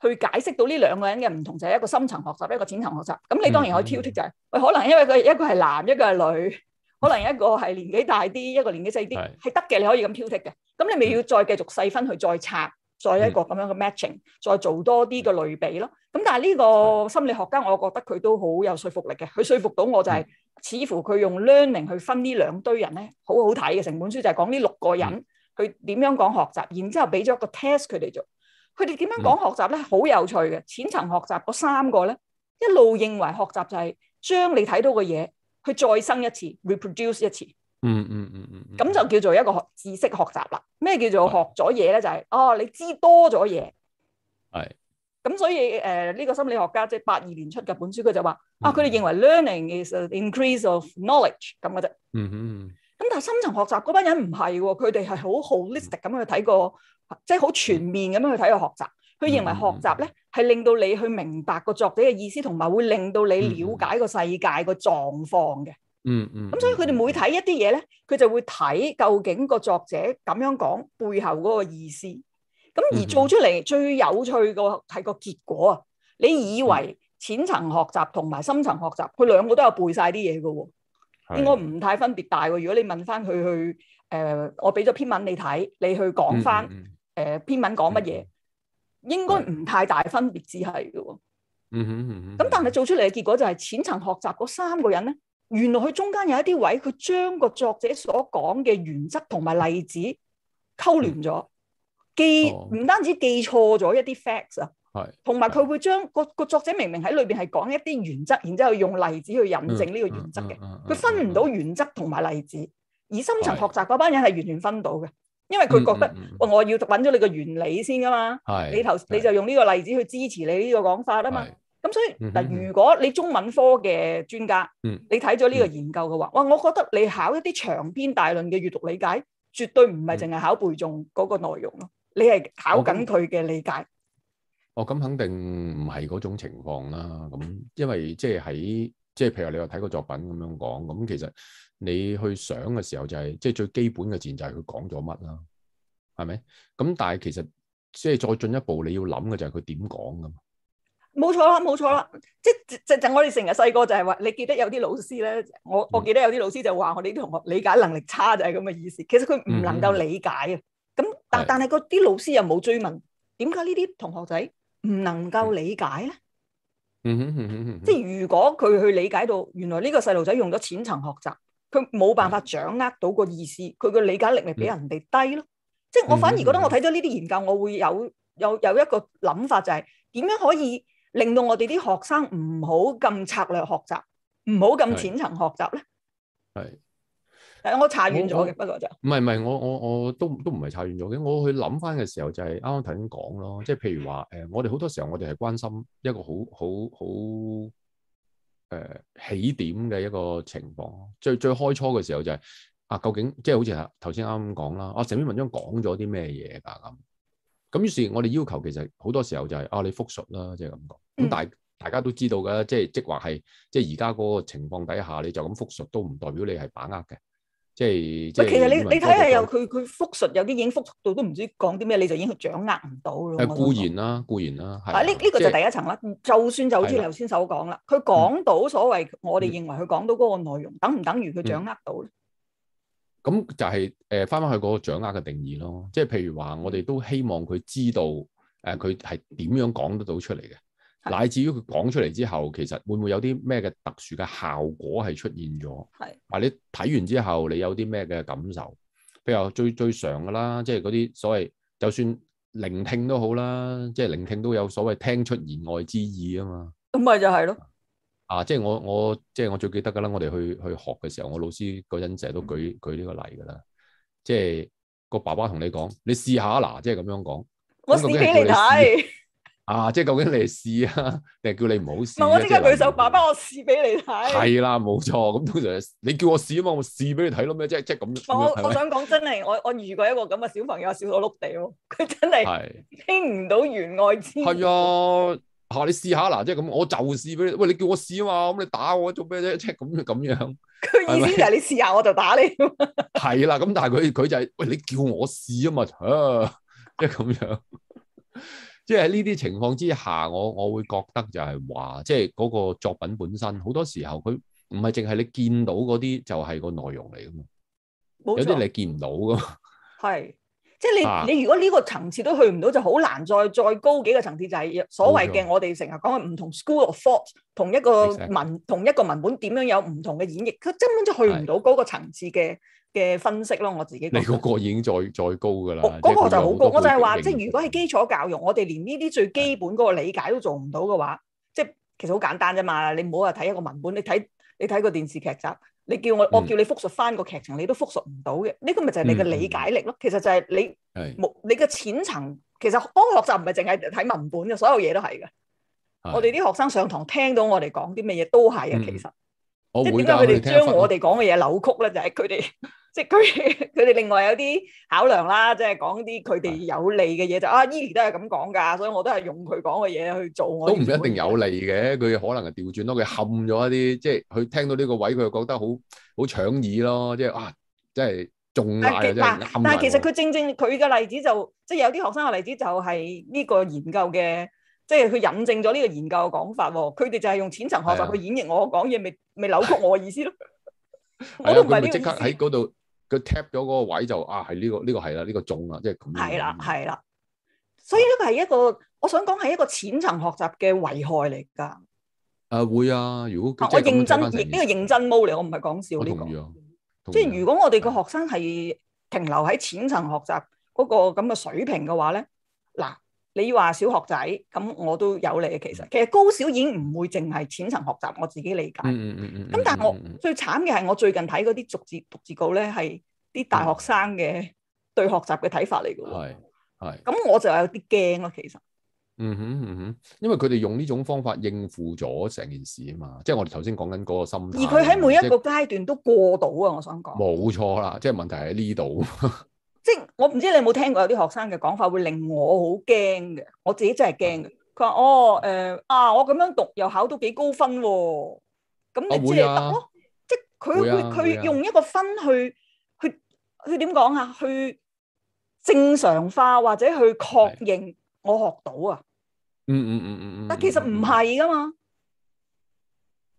去解釋到呢兩個人嘅唔同，就係一個深層學習，一個淺層學習。咁你當然可以挑剔就係，喂，可能因為佢一個係男，一個係女，可能一個係年紀大啲，一個年紀細啲，係得嘅，你可以咁挑剔嘅。咁你咪要再繼續細分去再拆。再一個咁樣嘅 matching，再做多啲嘅類比咯。咁但係呢個心理學家，我覺得佢都好有說服力嘅。佢說服到我就係，似乎佢用 learning 去分呢兩堆人咧，好好睇嘅。成本書就係講呢六個人，佢點樣講學習，然之後俾咗一個 test 佢哋做。佢哋點樣講學習咧，好有趣嘅。淺層學習嗰三個咧，一路認為學習就係將你睇到嘅嘢，佢再生一次，reproduce 一次。嗯嗯嗯嗯，咁、嗯嗯嗯、就叫做一個知識學習啦。咩叫做學咗嘢咧？就係、是、哦，你知多咗嘢。係。咁所以誒、呢、呃，這個心理學家即係八二年出嘅本書，佢就話、嗯、啊，佢哋認為 learning is an increase of knowledge 咁嘅啫。嗯嗯。咁、嗯、但係深層學習嗰班人唔係，佢哋係好 holistic 咁樣去睇個，即係好全面咁樣去睇個學習。佢認為學習咧係令到你去明白個作者嘅意思，同埋會令到你了解個世界個狀況嘅。嗯嗯，咁、嗯、所以佢哋每睇一啲嘢咧，佢就會睇究竟個作者咁樣講背後嗰個意思。咁而做出嚟最有趣個係個結果啊、嗯！你以為淺層學習同埋深層學習，佢兩個都有背晒啲嘢嘅，應該唔太分別大。如果你問翻佢去，誒、呃，我俾咗篇文你睇，你去講翻，誒、嗯，篇、呃、文講乜嘢，應該唔太大分別，只係嘅。嗯哼，咁、嗯嗯、但係做出嚟嘅結果就係淺層學習嗰三個人咧。原來佢中間有一啲位，佢將個作者所講嘅原則同埋例子勾亂咗、嗯，記唔、哦、單止記錯咗一啲 facts 啊，同埋佢會將個個作者明明喺裏邊係講一啲原則，然之後用例子去印證呢個原則嘅，佢、嗯、分唔到原則同埋例子、嗯。而深層學習嗰班人係完全分到嘅，因為佢覺得，嗯、我要揾咗你個原理先噶嘛，你頭你就用呢個例子去支持你呢個講法啊嘛。咁所以嗱，但如果你中文科嘅專家，嗯、你睇咗呢個研究嘅話、嗯嗯，哇，我覺得你考一啲長篇大論嘅閱讀理解，絕對唔係淨係考背誦嗰個內容咯，你係考緊佢嘅理解。哦，咁肯定唔係嗰種情況啦。咁因為即係喺即係譬如你話睇個作品咁樣講，咁其實你去想嘅時候就係即係最基本嘅自然就係佢講咗乜啦，係咪？咁但係其實即係再進一步，你要諗嘅就係佢點講噶嘛。冇錯啦，冇錯啦，即係直，就，就，就我哋成日細個就係話，你記得有啲老師咧，我我記得有啲老師就話我哋啲同學理解能力差，就係咁嘅意思。其實佢唔能夠理解啊，咁、嗯、但但係嗰啲老師又冇追問，點解呢啲同學仔唔能夠理解咧？嗯哼哼，即係如果佢去理解到，原來呢個細路仔用咗淺層學習，佢冇辦法掌握到個意思，佢嘅理解力咪比人哋低咯。嗯、即係我反而覺得我睇咗呢啲研究，我會有有有一個諗法，就係點樣可以。令到我哋啲學生唔好咁策略學習，唔好咁淺層學習咧。係，誒，我查完咗嘅，不過就唔係唔係，我我我都都唔係查完咗嘅。我去諗翻嘅時候就係啱啱頭先講咯，即係譬如話誒，我哋好多時候我哋係關心一個好好好誒起點嘅一個情況，最最開初嘅時候就係啊，究竟即係好似頭先啱啱講啦，啊，成篇文章講咗啲咩嘢㗎咁？咁於是，我哋要求其實好多時候就係啊，你複述啦，即係咁講。咁大大家都知道噶即係即係話係，即係而家嗰個情況底下，你就咁複述都唔代表你係把握嘅，即係即係。其實你你睇下，又佢佢複述有啲已經複述到都唔知講啲咩，你就已經掌握唔到咯。固然啦、啊，固然啦，係啊。呢呢、啊呢個就第一層啦、就係。就算就好似頭先所講啦，佢講到所謂我哋認為佢講到嗰個內容，嗯、等唔等於佢掌握到咧？嗯咁就係誒翻翻去嗰個掌握嘅定義咯，即係譬如話，我哋都希望佢知道誒佢係點樣講得到出嚟嘅，乃至於佢講出嚟之後，其實會唔會有啲咩嘅特殊嘅效果係出現咗？係，或者你睇完之後你有啲咩嘅感受？比較最最常㗎啦，即係嗰啲所謂就算聆聽都好啦，即係聆聽都有所謂聽出言外之意啊嘛。咁咪就係咯。啊！即係我我即係我最記得噶啦，我哋去去學嘅時候，我老師個人成日都舉舉呢個例噶啦。即係個爸爸同你講，你試下嗱，即係咁樣講。我試俾你睇。你 <laughs> 啊！即係究竟你係試啊，定係叫你唔好試？唔係我即刻舉手，就是、爸爸我試，我試俾你睇。係啦，冇錯。咁通常你叫我試啊嘛，我試俾你睇咯咩？即係即係咁。我我想講真係，我我遇過一個咁嘅小朋友，小到碌地喎，佢真係聽唔到弦外之。係啊。吓、啊、你試下嗱，即係咁，我就試俾你。喂，你叫我試啊嘛，咁你打我做咩啫？即係咁咁樣。佢意思就係、是、你試下，我就打你。係 <laughs> 啦，咁但係佢佢就係、是，喂，你叫我試啊嘛，啊，即係咁樣。即係喺呢啲情況之下，我我會覺得就係、是、話，即係嗰個作品本身，好多時候佢唔係淨係你見到嗰啲，就係個內容嚟噶嘛。有啲你見唔到噶嘛。係。即係你、啊、你如果呢個層次都去唔到，就好難再再高幾個層次，就係、是、所謂嘅我哋成日講嘅唔同 school of thought，同一個文、Exactly. 同一個文本點樣有唔同嘅演繹，佢根本就去唔到嗰個層次嘅嘅分析咯。我自己覺得你嗰個已經再再高㗎喇，嗰、那個就好高。高我就係話，即係如果係基礎教育，我哋連呢啲最基本嗰個理解都做唔到嘅話，即係其實好簡單啫嘛。你唔好話睇一個文本，你睇你睇個電視劇集。你叫我、嗯，我叫你複述翻個劇情，你都複述唔到嘅。呢、這個咪就係你嘅理解力咯、嗯。其實就係你冇你嘅淺層。其實科學就唔係淨係睇文本嘅，所有嘢都係嘅。我哋啲學生上堂聽到我哋講啲咩嘢都係啊、嗯。其實即係點解佢哋將我哋講嘅嘢扭曲咧、嗯？就係佢哋。即係佢佢哋另外有啲考量啦，即係講啲佢哋有利嘅嘢就啊，Eli 都係咁講噶，所以我都係用佢講嘅嘢去做都唔一定有利嘅，佢可能係調轉咯，佢冚咗一啲，即係佢聽到呢個位，佢就覺得好好搶耳咯，即係啊，即係仲。但但其實佢正正佢嘅例子就，即係有啲學生嘅例子就係呢個研究嘅，即係佢引證咗呢個研究嘅講法。佢哋就係用淺層學法去演繹我講嘢，未未扭曲我嘅意思咯。 <laughs> 我都唔係即刻喺度。佢 tap 咗嗰個位就啊，係呢個呢個係啦，呢個中啦，即係咁。係啦，係啦。所以呢個係一個，我想講係一個淺層學習嘅危害嚟噶。啊，會啊！如果、啊、我認真呢個認真冇嚟，我唔係講笑呢個。即係如果我哋個學生係停留喺淺層學習嗰個咁嘅水平嘅話咧，嗱。你話小學仔咁，我都有嚟嘅。其實其實高小已經唔會淨係淺層學習，我自己理解。嗯嗯嗯。咁但係我最慘嘅係，我最近睇嗰啲逐字逐字稿咧，係啲大學生嘅對學習嘅睇法嚟嘅喎。係係。咁我就有啲驚咯，其實。嗯哼嗯哼，因為佢哋用呢種方法應付咗成件事啊嘛，即係我哋頭先講緊嗰個心態。而佢喺每一個階段都過到啊，我想講。冇錯啦，即係問題喺呢度。即係我唔知你有冇聽過有啲學生嘅講法會令我好驚嘅，我自己真係驚嘅。佢話哦誒、呃、啊，我咁樣讀又考到幾高分，咁即係得咯。咯啊啊、即係佢會佢、啊、用一個分去、啊、去去點講啊？去正常化或者去確認我學到啊？嗯嗯嗯嗯嗯。但其實唔係噶嘛。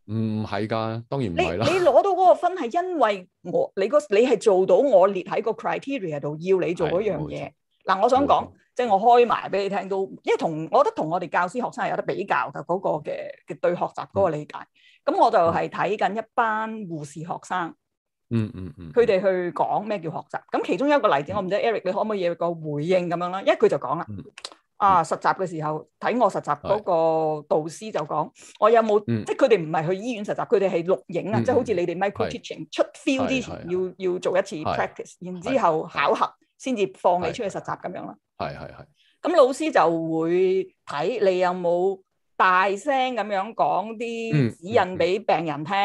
唔係㗎，當然唔係啦。你攞到嗰個分係因為我你個你係做到我列喺個 criteria 度要你做嗰樣嘢。嗱，我想講，即係、就是、我開埋俾你聽到，因為同我覺得同我哋教師學生係有得比較嘅嗰、那個嘅嘅對學習嗰個理解。咁、嗯、我就係睇緊一班護士學生，嗯嗯嗯，佢、嗯、哋去講咩叫學習。咁、嗯、其中一個例子，嗯、我唔知 Eric 你可唔可以有個回應咁樣啦？一句就講啦。嗯啊！實習嘅時候，睇我實習嗰個導師就講：我有冇、嗯、即係佢哋唔係去醫院實習，佢哋係錄影啊！即、嗯、係、就是、好似你哋 micro teaching 出 feel 之前要，要要做一次 practice，然之後考核先至放你出去實習咁樣咯。係係係。咁老師就會睇你有冇大聲咁樣講啲指引俾病人聽。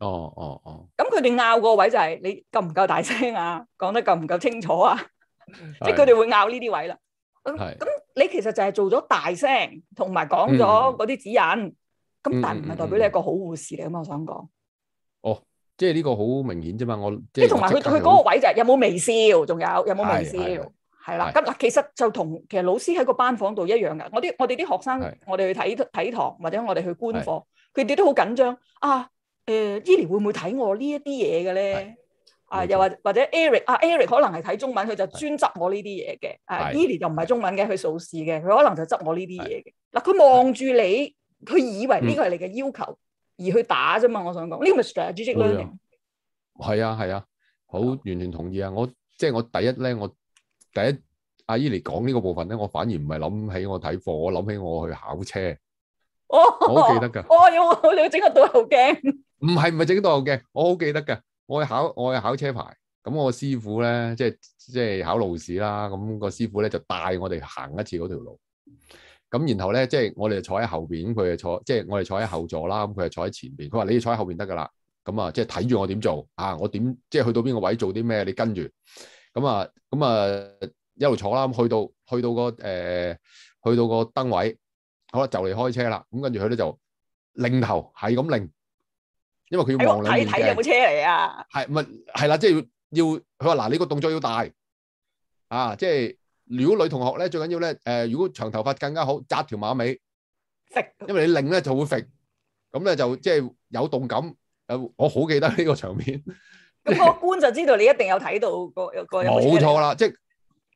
哦、嗯、哦、嗯嗯嗯、哦！咁佢哋拗個位就係、是、你夠唔夠大聲啊？講得夠唔夠清楚啊？ <laughs> 即係佢哋會拗呢啲位啦。咁咁，嗯、你其實就係做咗大聲，同埋講咗嗰啲指引，咁、嗯、但唔係代表你係一個好護士嚟咁、嗯嗯，我想講。哦，即係呢個好明顯啫嘛，我即係同埋佢佢嗰個位就係有冇微笑，仲有有冇微笑，係啦。咁嗱，其實就同其實老師喺個班房度一樣噶。我啲我哋啲學生，的我哋去睇睇堂，或者我哋去觀課，佢哋都好緊張。啊，誒、呃，醫療會唔會睇我呢一啲嘢嘅咧？啊，又或者或者 Eric 啊，Eric 可能係睇中文，佢就專執我呢啲嘢嘅。啊 Eileen 又唔係中文嘅，佢數數嘅，佢可能就執我呢啲嘢嘅。嗱，佢望住你，佢以為呢個係你嘅要求、嗯、而去打啫嘛。我想講呢個係 structural learning。係啊係啊，啊，好完全同意啊！我即係、就是、我第一咧，我第一 Eileen 嚟講呢個部分咧，我反而唔係諗起我睇課，我諗起我去考車。哦、我好記得噶。哦，要你要整個倒後鏡？唔係唔係整倒後鏡，我好記得噶。我去考，我去考車牌。咁我師傅咧，即係即係考路試啦。咁個師傅咧就帶我哋行一次嗰條路。咁然後咧，即係我哋就坐喺後邊，佢就坐，即係我哋坐喺後座啦。咁佢就坐喺前邊。佢話：你坐喺後邊得㗎啦。咁啊，即係睇住我點做啊！我點即係去到邊個位做啲咩？你跟住。咁啊，咁啊一路坐啦。咁去到去到個誒，去到嗰個呃，去到個燈位，好啦，就嚟開車啦。咁跟住佢咧就擰頭，係咁擰。因為佢要望兩面嘅。睇睇有冇車嚟啊。係、啊，唔係，係啦，即係要要。佢話嗱，你個動作要大啊！即係如果女同學咧，最緊要咧，誒、呃，如果長頭髮更加好，紮條馬尾。直。因為你擰咧就會直，咁咧就即係有動感。誒，我好記得呢個場面。咁、嗯、 <laughs> 個官就知道你一定有睇到個個。冇錯啦，即係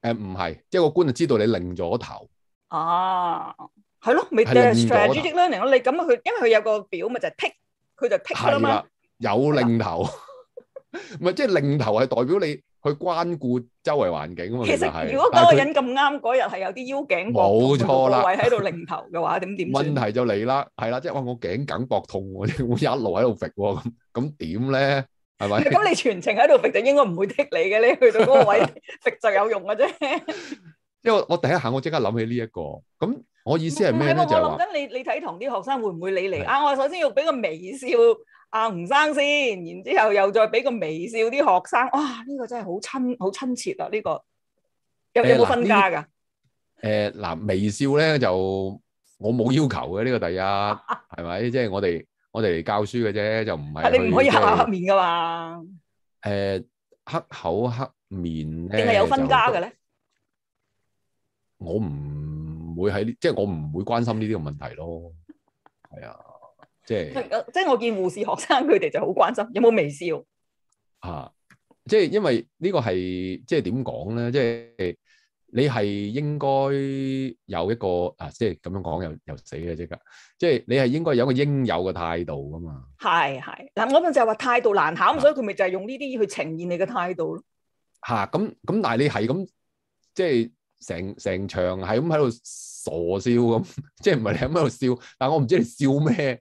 誒唔係，即係個官就知道你擰咗頭。啊，係咯，咪 distract attention 咯。你咁佢，因為佢有個表咪就係剔。佢就剔啦嘛，有擰頭，唔係即係擰頭係代表你去關顧周圍環境啊嘛。其實係，如果嗰個人咁啱嗰日係有啲腰頸，冇錯啦，位喺度擰頭嘅話，點點？問題就嚟啦，係啦，即係話我頸梗膊痛，會一路喺度揈咁，咁點咧？係咪？咁你全程喺度揈就應該唔會剔你嘅咧，去到嗰個位揈就有用嘅啫。因為我第一下我即刻諗起呢一個咁。我意思係咩就？我諗緊你，你睇同啲學生會唔會理你啊？我首先要俾個微笑啊，吳生先，然之後又再俾個微笑啲學生。哇、啊，呢、這個真係好親，好親切啊！呢、這個有有冇分家噶？誒、呃，嗱、呃，微笑咧就我冇要求嘅呢、這個第一，係、啊、咪？即係、就是、我哋我哋教書嘅啫，就唔係你唔可以黑面噶嘛？誒、呃，黑口黑面定係有分家嘅咧？我唔。唔會喺即係我唔會關心呢啲嘅問題咯，係啊，即係即係我見護士學生佢哋就好關心有冇微笑啊，即係因為呢個係即係點講咧，即係你係應該有一個啊，即係咁樣講又又死嘅啫，即係你係應該有一個應有嘅態度噶嘛。係係嗱，我哋就係話態度難考，咁所以佢咪就係用呢啲去呈現你嘅態度咯。吓咁咁，但係你係咁即係。就是成成場係咁喺度傻笑咁，即係唔係你喺咪度笑？但係我唔知你笑咩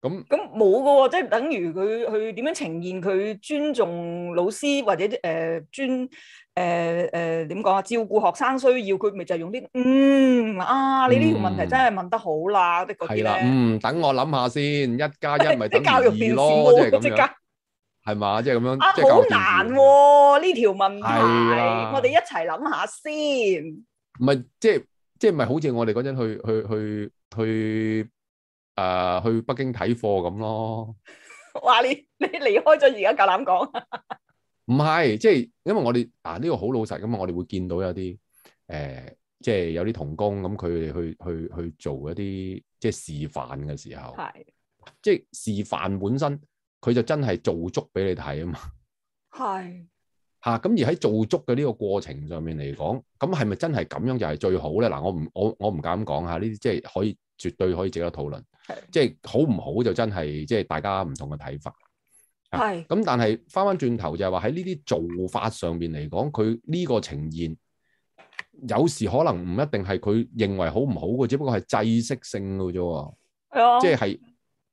咁。咁冇噶喎，即係等於佢佢點樣呈現佢尊重老師或者誒、呃、尊誒誒點講啊？照顧學生需要，佢咪就係用啲嗯啊，你呢條問題真係問得好啦啲嗰啲啦，嗯，等我諗下先，一加一咪等於二咯，即係係嘛，即係咁樣，啊、即係好難喎、啊、呢條問題、啊、我哋一齊諗下先。唔係，即係即係，唔係好似我哋嗰陣去去去去誒去北京睇貨咁咯。話你你離開咗而家夠膽講，唔係， <laughs> 即係因為我哋啊呢個好老實咁嘛。我哋會見到有啲誒，即係有啲童工咁，佢去去去做一啲即係示範嘅時候，係即係示範本身。佢就真係做足俾你睇啊嘛，係吓。咁而喺做足嘅呢個過程上面嚟講，咁係咪真係咁樣就係最好咧？嗱、啊，我唔我我唔敢講吓，呢啲即係可以絕對可以值得討論，即係、即係、好唔好就真係即係大家唔同嘅睇法。係咁，啊、但係翻翻轉頭就係話喺呢啲做法上面嚟講，佢呢個呈現有時可能唔一定係佢認為好唔好嘅，只不過係制式性嘅啫，即係。即係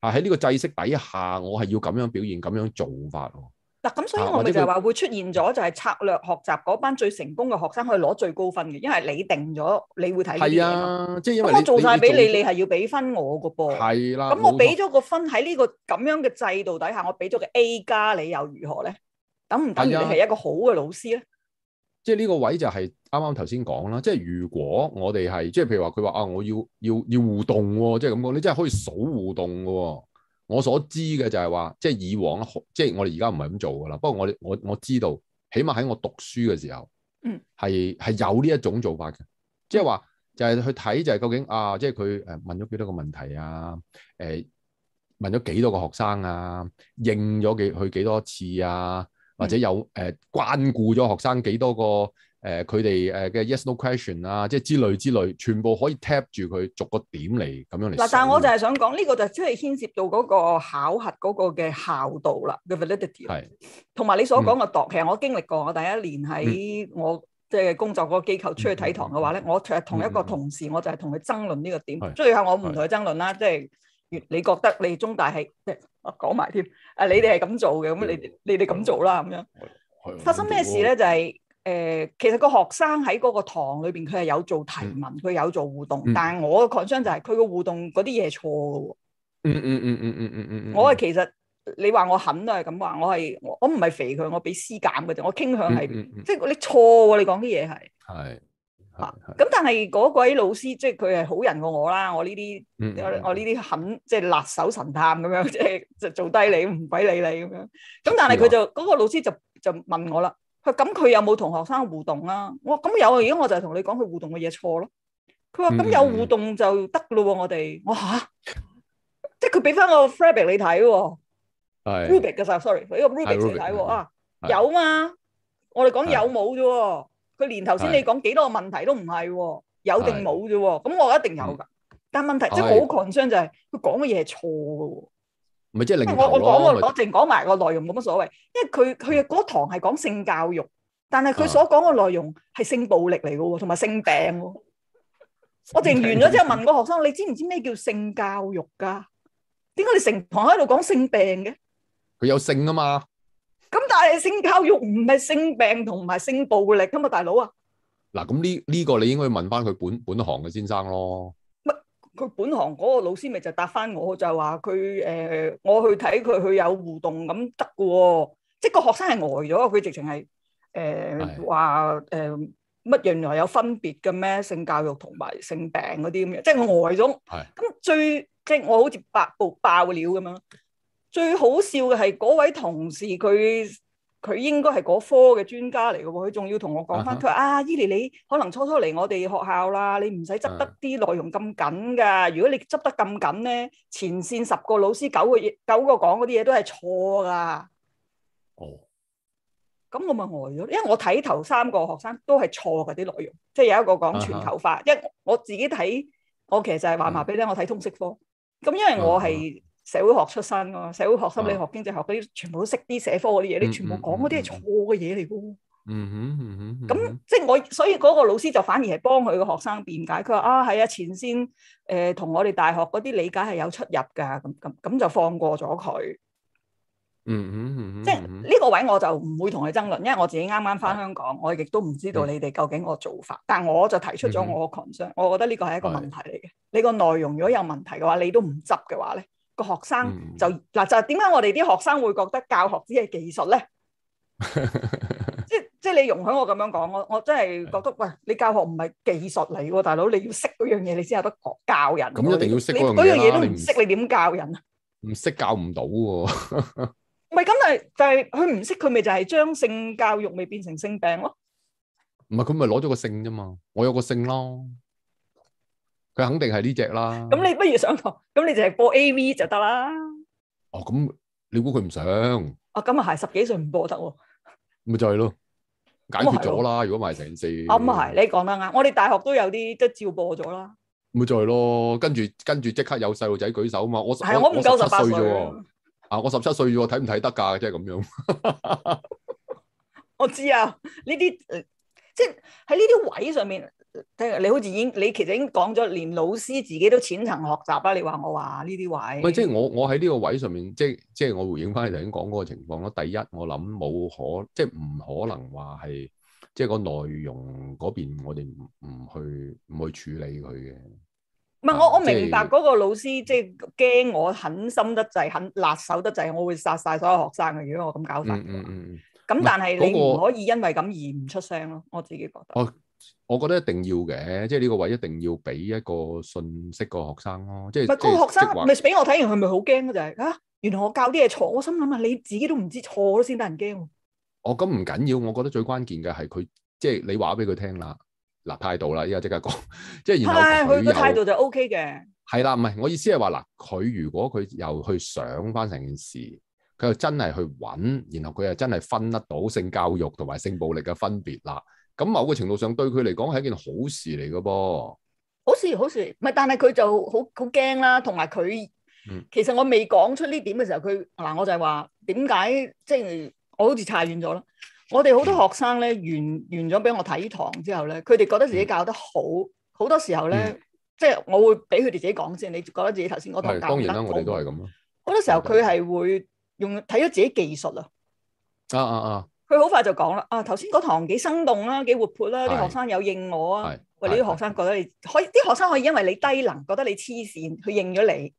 啊！喺呢個制式底下，我係要咁樣表現，咁樣做法。嗱，咁所以我哋就話會出現咗，就係策略學習嗰班最成功嘅學生可以攞最高分嘅，因為你定咗，你會睇啲嘢。係啊，即係因為我做晒俾你，你係要俾分我嘅噃。係啦。咁我俾咗個分喺呢個咁樣嘅制度底下，我俾咗個 A 加，你又如何咧？等唔等於你係一個好嘅老師咧？即係呢個位就係。啱啱頭先講啦，即係如果我哋係，即係譬如話佢話啊，我要要要互動喎、哦，即係咁講，你真係可以數互動嘅、哦。我所知嘅就係話，即係以往即係我哋而家唔係咁做噶啦。不過我我我知道，起碼喺我讀書嘅時候，嗯，係係有呢一種做法嘅、嗯，即係話就係、是、去睇就係究竟啊，即係佢誒問咗幾多個問題啊，誒問咗幾多個學生啊，應咗佢幾多次啊、嗯，或者有誒、呃、關顧咗學生幾多個？誒，佢哋誒嘅 yes no question 啊，即係之類之類，全部可以 tap 住佢逐個點嚟，咁樣嚟。嗱，但係我就係想講呢個就真係牽涉到嗰個考核嗰個嘅效度啦，嘅 validity。係。同埋你所講嘅度，其實我經歷過，我第一年喺我即係工作個機構出去睇堂嘅話咧，我同同一個同事，我就係同佢爭論呢個點，最後我唔同佢爭論啦，即係，你覺得你中大係，即係我講埋添，誒，你哋係咁做嘅，咁你你哋咁做啦，咁樣。係。發生咩事咧？就係。誒，其實個學生喺嗰個堂裏邊，佢係有做提問，佢、嗯、有做互動。嗯、但係我嘅 concern 就係佢個互動嗰啲嘢錯噶。嗯嗯嗯嗯嗯嗯嗯嗯。我係其實你話我狠都係咁話，我係我唔係肥佢，我俾 C 減嘅啫。我傾向係即係你錯，你講啲嘢係係啊。咁但係嗰位老師，即係佢係好人過我啦。我呢啲、嗯、我呢啲狠，即、就、係、是、辣手神探咁樣，即係就是、做低你，唔鬼理你咁樣。咁但係佢就嗰、嗰個老師就就問我啦。佢咁佢有冇同學生互動啊？我咁有啊，而家我就係同你講佢互動嘅嘢錯咯。佢話咁有互動就得咯喎，我哋我吓、啊，即係佢俾翻個 rubric 你睇喎，rubric 嘅噻，sorry，一個 rubric 你睇喎啊，是 Rubik, sorry, 個是啊 Rubik，啊是有嘛？我哋講有冇啫喎，佢連頭先你講幾多個問題都唔係喎，有定冇啫喎，咁我一定有噶、嗯，但問題即係好 concern 就係佢講嘅嘢係錯嘅喎、啊。.咪即係我我講我淨講埋個內容，冇乜所謂。因為佢佢嗰堂係講性教育，但係佢所講嘅內容係性暴力嚟噶喎，同埋性病。啊、我淨完咗之後問個學生：你知唔知咩叫性教育噶、啊？點解你成堂喺度講性病嘅？佢有性啊嘛。咁但係性教育唔係性病同埋性暴力噶嘛，大佬啊！嗱，咁呢呢個你應該問翻佢本本行嘅先生咯。佢本行嗰個老師咪就答翻我，就話佢、呃、我去睇佢，佢有互動咁得嘅喎，即係個學生係呆咗，佢直情係誒話誒乜嘢原來有分別嘅咩？性教育同埋性病嗰啲咁樣，即係呆咗。咁最即係我好似白布爆料咁樣，最好笑嘅係嗰位同事佢。他佢應該係嗰科嘅專家嚟嘅喎，佢仲要同我講返佢話啊，伊研你可能初初嚟我哋學校啦，你唔使執得啲內容咁緊㗎。Uh -huh. 如果你執得咁緊咧，前線十個老師九個九個講嗰啲嘢都係錯㗎。哦，咁我咪呆咗，因為我睇頭三個學生都係錯㗎啲內容，即係有一個講全球化，uh -huh. 因為我自己睇我其實係話俾你聽，我睇通識科，咁因為我係。Uh -huh. 社會學出身咯，社會學、心理學、經濟學嗰啲全部都識啲社科嗰啲嘢，你全部講嗰啲係錯嘅嘢嚟嘅。嗯咁、嗯、即係我，所以嗰個老師就反而係幫佢個學生辯解。佢話啊，係啊，前先誒同我哋大學嗰啲理解係有出入㗎。咁咁咁就放過咗佢。嗯，嗯即係呢、嗯個位我就唔會同佢爭論，因為我自己啱啱翻香港，我亦都唔知道你哋究竟個做法。但我就提出咗我嘅 concern，我覺得呢個係一個問題嚟嘅。你個內容如果有問題嘅話，你都唔執嘅話咧？個學生就嗱，就點解我哋啲學生會覺得教學只係技術咧？即係即係你容許我咁樣講，我我真係覺得喂，你教學唔係技術嚟，大佬，你要識嗰樣嘢，你先有得教人。咁一定要識嗰樣嘢，嗰樣嘢都唔識，你點教人啊？唔識教唔到喎。唔係咁，但係但係佢唔識，佢咪就係將性教育咪變成性病咯？唔係佢咪攞咗個性啫嘛？我有個性咯。佢肯定係呢隻啦。咁你不如上堂，咁你就係播 A.V. 就得啦。哦，咁你估佢唔上？哦，咁啊，係十幾歲唔播得喎。咪就係咯，解決咗啦。如果唔係成四，啊、咪係，唔係你講得啱。我哋大學都有啲即係照播咗啦。咪就係咯，跟住跟住即刻有細路仔舉手啊嘛。我係我唔夠十八歲啫。啊，我十七歲啫，睇唔睇得噶、 <laughs> 呃？即係咁樣。我知啊，呢啲即係喺呢啲位上面。聽你好似已經，你其實已經講咗，連老師自己都淺層學習啊！你話我話呢啲位，唔係，即係我我喺呢個位上面，即係即係我回應翻你頭先講嗰個情況咯。第一，我諗冇可，即係唔可能話係，即係個內容嗰邊我哋唔唔去唔去處理佢嘅。唔係、啊、我、就是、我明白嗰、嗰個老師，即係驚我狠心得滯，狠辣手得滯，我會殺晒所有學生嘅。如果我咁搞法，咁、嗯嗯嗯、但係你唔、那個、可以因為咁而唔出聲咯。我自己覺得。哦我覺得一定要嘅，即係呢個位一定要俾一個信息個學生咯、啊，即係唔係嗰個學生，唔係俾我睇完佢，咪好驚咯？就係啊，原來我教啲嘢錯，我心諗啊，你自己都唔知錯咗先得人驚。我咁唔緊要，我覺得最關鍵嘅係佢，即係你話俾佢聽啦，嗱態度，他、哎他個態度 OK，的啦，依家即刻講，即係然後佢個態度就 O K 嘅。係啦，唔係我意思係話嗱，佢如果佢又去想翻成件事，佢又真係去揾，然後佢又真係分得到性教育同埋性暴力嘅分別啦。咁某個程度上對佢嚟講係一件好事嚟嘅噃，好事好事，唔係但係佢就好好驚啦，同埋佢其實我未講出呢點嘅時候，佢嗱我就係話點解即係我好似差遠咗咯。我哋好多學生咧完完咗俾我睇堂之後咧，佢哋覺得自己教得好，好、嗯、多時候咧、嗯、即係我會俾佢哋自己講先，你覺得自己頭先嗰堂教得？當然啦，我哋都係咁咯，好多時候佢係會用睇咗自己技術啦。啊啊啊！啊佢好快就講啦、啊，啊頭先嗰堂幾生動啦、啊，幾活潑啦、啊，啲學生有應我啊，喂！呢啲學生覺得你可以，啲學生可以因為你低能，覺得你黐線，佢應咗你，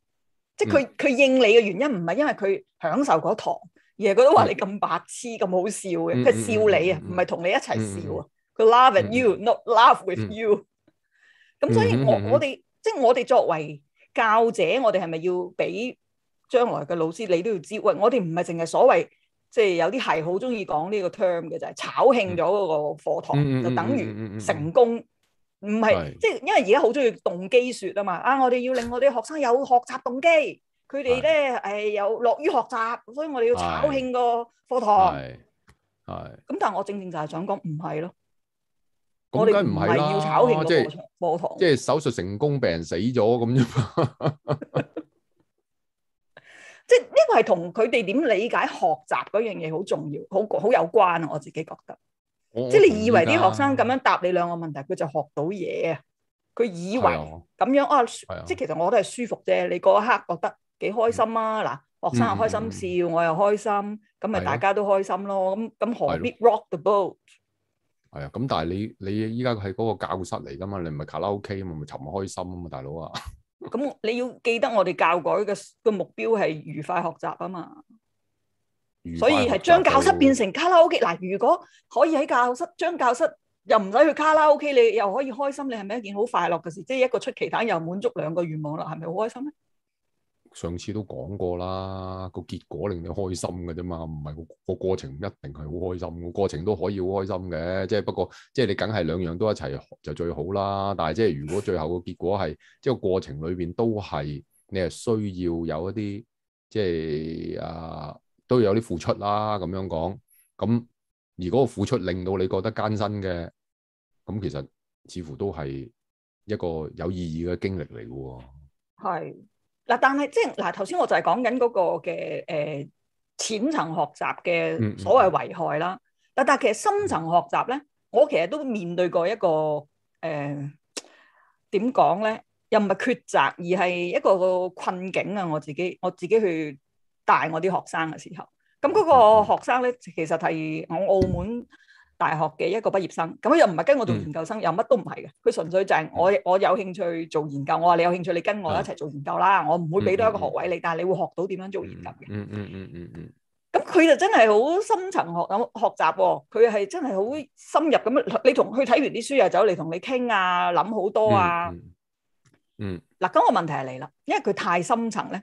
即係佢佢應你嘅原因唔係因為佢享受嗰堂，而係覺得話你咁白痴咁、嗯、好笑嘅，佢笑你啊，唔係同你一齊笑啊，佢 love at you，not、嗯、love with you。咁、嗯、所以我我哋即係我哋作為教者，我哋係咪要俾將來嘅老師你都要知？喂，我哋唔係淨係所謂。即係有啲係好中意講呢個 term 嘅就係、是、炒興咗嗰個課堂，就等於成功。唔、嗯、係、嗯嗯嗯嗯嗯、即係因為而家好中意動機説啊嘛。啊，我哋要令我哋學生有學習動機，佢哋咧誒有樂於學習，所以我哋要炒興個課堂。係。咁但係我正正就係想講唔係咯。我哋唔係要炒興個課堂。啊、即係手術成功，病人死咗咁樣。 <laughs> 即係呢個係同佢哋點理解學習嗰樣嘢好重要，好好有關啊！我自己覺得，即係你以為啲學生咁樣答你兩個問題，佢就學到嘢啊？佢以為咁樣啊，即係其實我都係舒服啫。你嗰一刻覺得幾開心啊？嗱、嗯，學生又開心笑、嗯，我又開心，咁咪大家都開心咯。咁咁何必 rock the boat？係啊，咁但係你你依家係嗰個教室嚟噶嘛？你唔係卡拉 OK 啊嘛？咪尋日開心啊嘛，大佬啊！咁你要記得，我哋教改嘅個目標係愉快學習啊嘛，所以係將教室變成卡拉 OK。嗱，如果可以喺教室將教室又唔使去卡拉 OK，你又可以開心，你係咪一件好快樂嘅事？即係一個出奇蛋又滿足兩個願望啦，係咪好開心咧？上次都講過啦，個結果令你開心嘅啫嘛，唔係個過程唔一定係好開心，個過程都可以好開心嘅。即係不過，即係你梗係兩樣都一齊就最好啦。但係即係如果最後個結果係即係個過程裏邊都係你係需要有一啲即係啊，都有啲付出啦。咁樣講，咁如果個付出令到你覺得艱辛嘅，咁其實似乎都係一個有意義嘅經歷嚟嘅喎。係。嗱，但係即係嗱，頭先我就係講緊嗰個嘅誒、呃、淺層學習嘅所謂危害啦。嗱、嗯嗯，但係其實深層學習咧，我其實都面對過一個誒，點講咧，又唔係抉擇，而係一個困境啊。我自己我自己去帶我啲學生嘅時候，咁嗰個學生咧，其實係我澳門。大學嘅一個畢業生，咁又唔係跟我做研究生，又乜都唔係嘅。佢純粹就係我我有興趣做研究，我話你有興趣，你跟我一齊做研究啦。我唔會俾多一個學位你，但係你會學到點樣做研究嘅。嗯嗯嗯嗯嗯。咁佢就真係好深層學咁學習喎，佢係真係好深入咁。你同佢睇完啲書又走嚟同你傾啊，諗好多啊。嗯。嗱，咁個問題係嚟啦，因為佢太深層咧，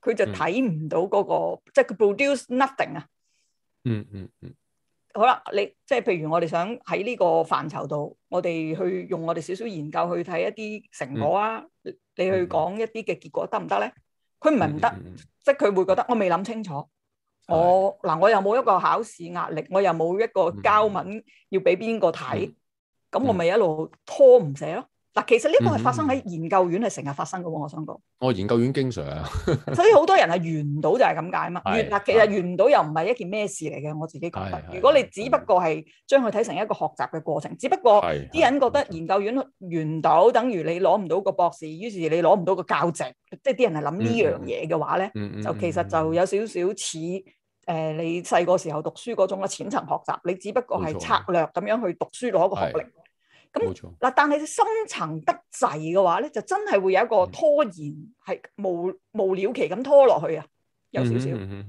佢就睇唔到嗰個，即係佢 produce nothing 啊。嗯嗯嗯。好啦，你即係譬如我哋想喺呢個範疇度，我哋去用我哋少少研究去睇一啲成果啊，嗯、你去講一啲嘅結果得唔得咧？佢唔係唔得，即係佢會覺得我未諗清楚，我嗱我，我又冇一個考試壓力，我又冇一個交文要俾邊個睇，咁、嗯、我咪一路拖唔寫咯。嗱，其實呢個係發生喺研究院係成日發生嘅喎，我想講。哦，研究院經常、啊， <laughs> 所以好多人係完唔到就係咁解嘛。嗱，其實完唔到又唔係一件咩事嚟嘅，我自己覺得。如果你只不過係將佢睇成一個學習嘅過程。只不過啲人覺得研究院完唔到，等於你攞唔到個博士，於是你攞唔到個教職，即係啲人係諗呢樣嘢嘅話咧，就其實就有少少似誒你細個時候讀書嗰種嘅淺層學習。你只不過係策略咁樣去讀書攞個學歷。咁、嗯，嗱，但係深層得滯嘅話咧，就真係會有一個拖延，係、嗯、無無了期咁拖落去啊，有少少。咁、嗯、嗱、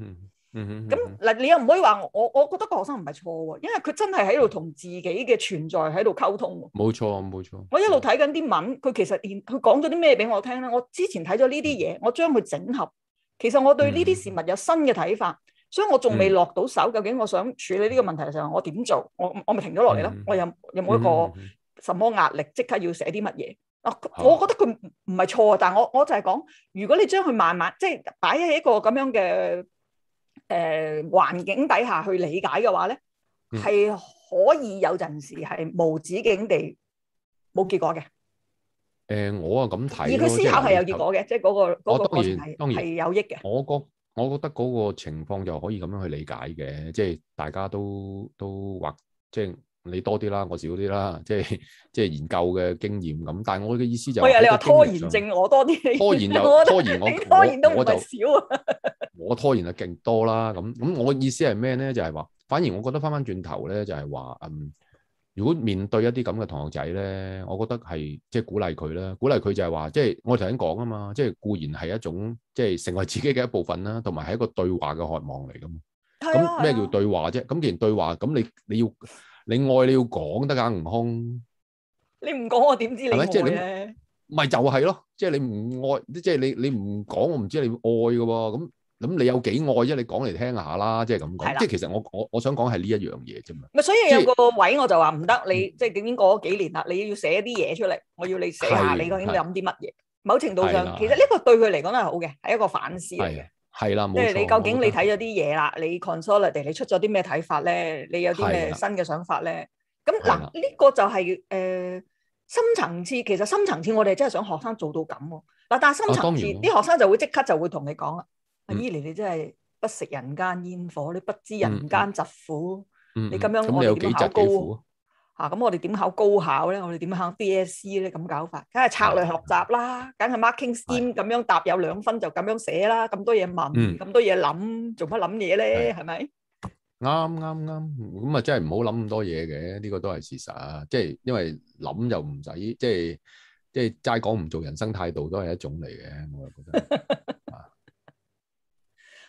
嗯嗯嗯，你又唔可以話我，我覺得個學生唔係錯喎，因為佢真係喺度同自己嘅存在喺度溝通。冇錯，冇錯。我一路睇緊啲文，佢、嗯、其實連佢講咗啲咩俾我聽咧。我之前睇咗呢啲嘢，我將佢整合，其實我對呢啲事物有新嘅睇法、嗯。所以我仲未落到手、嗯，究竟我想處理呢個問題嘅時候，我點做？我我咪停咗落嚟咯。我又、嗯、有冇一個？嗯嗯嗯什麼壓力即刻要寫啲乜嘢？啊，我覺得佢唔係錯啊，但係我我就係講，如果你將佢慢慢即係擺喺一個咁樣嘅誒環境底下去理解嘅話咧，係可以有陣時係無止境地冇結果嘅。誒，我啊咁睇，而佢思考係有結果嘅，即係嗰個嗰個當然係有益嘅。我覺我覺得嗰個情況就可以咁樣去理解嘅，即係大家都都或即係。你多啲啦，我少啲啦，即係即係研究嘅經驗咁。但係我嘅意思就是，我又你話拖延症，我多啲，拖延又 <laughs> 拖延我，我拖延、啊、我我， <laughs> 我拖延就勁多啦。咁咁，我意思係咩咧？就係、是、話，反而我覺得翻翻轉頭咧，就係話，嗯，如果面對一啲咁嘅同學仔咧，我覺得係即係鼓勵佢啦，鼓勵佢就係話，即、就、係、是、我頭先講啊嘛，即、就、係、是、固然係一種即係、就是、成為自己嘅一部分啦，同埋係一個對話嘅渴望嚟噶嘛。係啊。咁咩叫對話啫？咁、啊、既然對話，咁你你要。你愛你要講得噶，悟空。你唔講我點知你係咪？即係、就是、你，咪就係咯。即係你唔愛，即、就、係、是、你你唔講，我唔知你愛嘅。咁咁你有幾愛啫？你講嚟聽下啦，即係咁講。即係、就是、其實我我我想講係呢一樣嘢啫嘛。係，所以有個位我就話唔得，你即係點點過咗幾年啦，你要寫一啲嘢出嚟，我要你寫下你究竟諗啲乜嘢。某程度上，其實呢個對佢嚟講都係好嘅，係一個反思嚟嘅。係啦，即係你究竟你睇咗啲嘢啦，你 consolidate，你出咗啲咩睇法咧？你有啲咩新嘅想法咧？咁嗱，呢、這個就係、是、誒、呃、深層次，其實深層次我哋真係想學生做到咁喎。嗱，但係深層次啲、啊、學生就會即刻就會同你講啦。阿、嗯、姨，你真係不食人間煙火，你不知人間疾苦。嗯嗯嗯、你咁樣我點考高？吓咁，我哋點考高考咧？我哋點考 DSE 咧？咁搞法，梗係策略學習啦，梗係 marking scheme 咁樣答，有兩分就咁樣寫啦。咁多嘢問，咁多嘢諗，做乜諗嘢咧？係咪？啱啱啱，咁啊，真係唔好諗咁多嘢嘅，呢個都係事實。即係因為諗又唔使，即係即係齋講唔做，人生態度都係一種嚟嘅。我就覺得，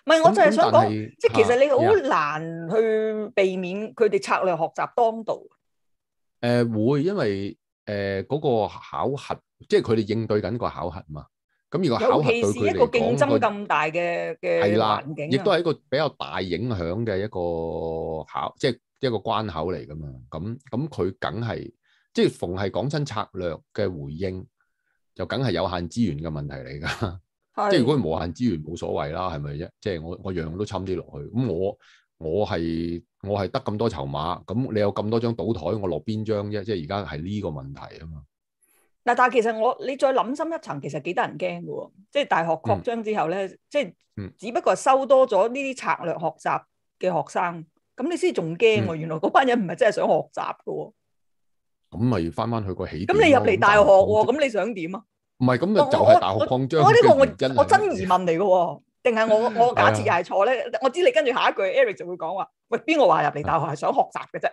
唔係，我就係想講，即係其實你好難去避免佢哋策略學習當道。誒會，因為誒嗰、呃嗰個考核，即係佢哋應對緊個考核嘛。咁如果尤其是一個競爭咁大嘅嘅、嗰個、環境，亦都係一個比較大影響嘅一個考，即係一個關口嚟㗎嘛。咁咁佢梗係，即係逢係講親策略嘅回應，就梗係有限資源嘅問題嚟㗎。即係如果無限資源冇所謂啦，係咪啫？即係我我樣都侵啲落去咁我。我係我係得咁多籌碼，咁你有咁多張賭台，我落邊張啫？即係而家係呢個問題啊嘛。嗱，但係其實我你再諗深一層，其實幾得人驚噶。即係大學擴張之後咧、嗯，即係只不過係收多咗呢啲策略學習嘅學生。咁、嗯、你先仲驚？原來嗰班人唔係真係想學習噶。咁咪翻翻去個起點。咁你入嚟大學，咁你想點啊？唔係，咁咪就係大學擴張。我呢個我我真疑問嚟噶。定係我我假設又係錯咧、哎？我知你跟住下一句，Eric 就會講話：喂，邊個話入嚟大學係想學習嘅啫？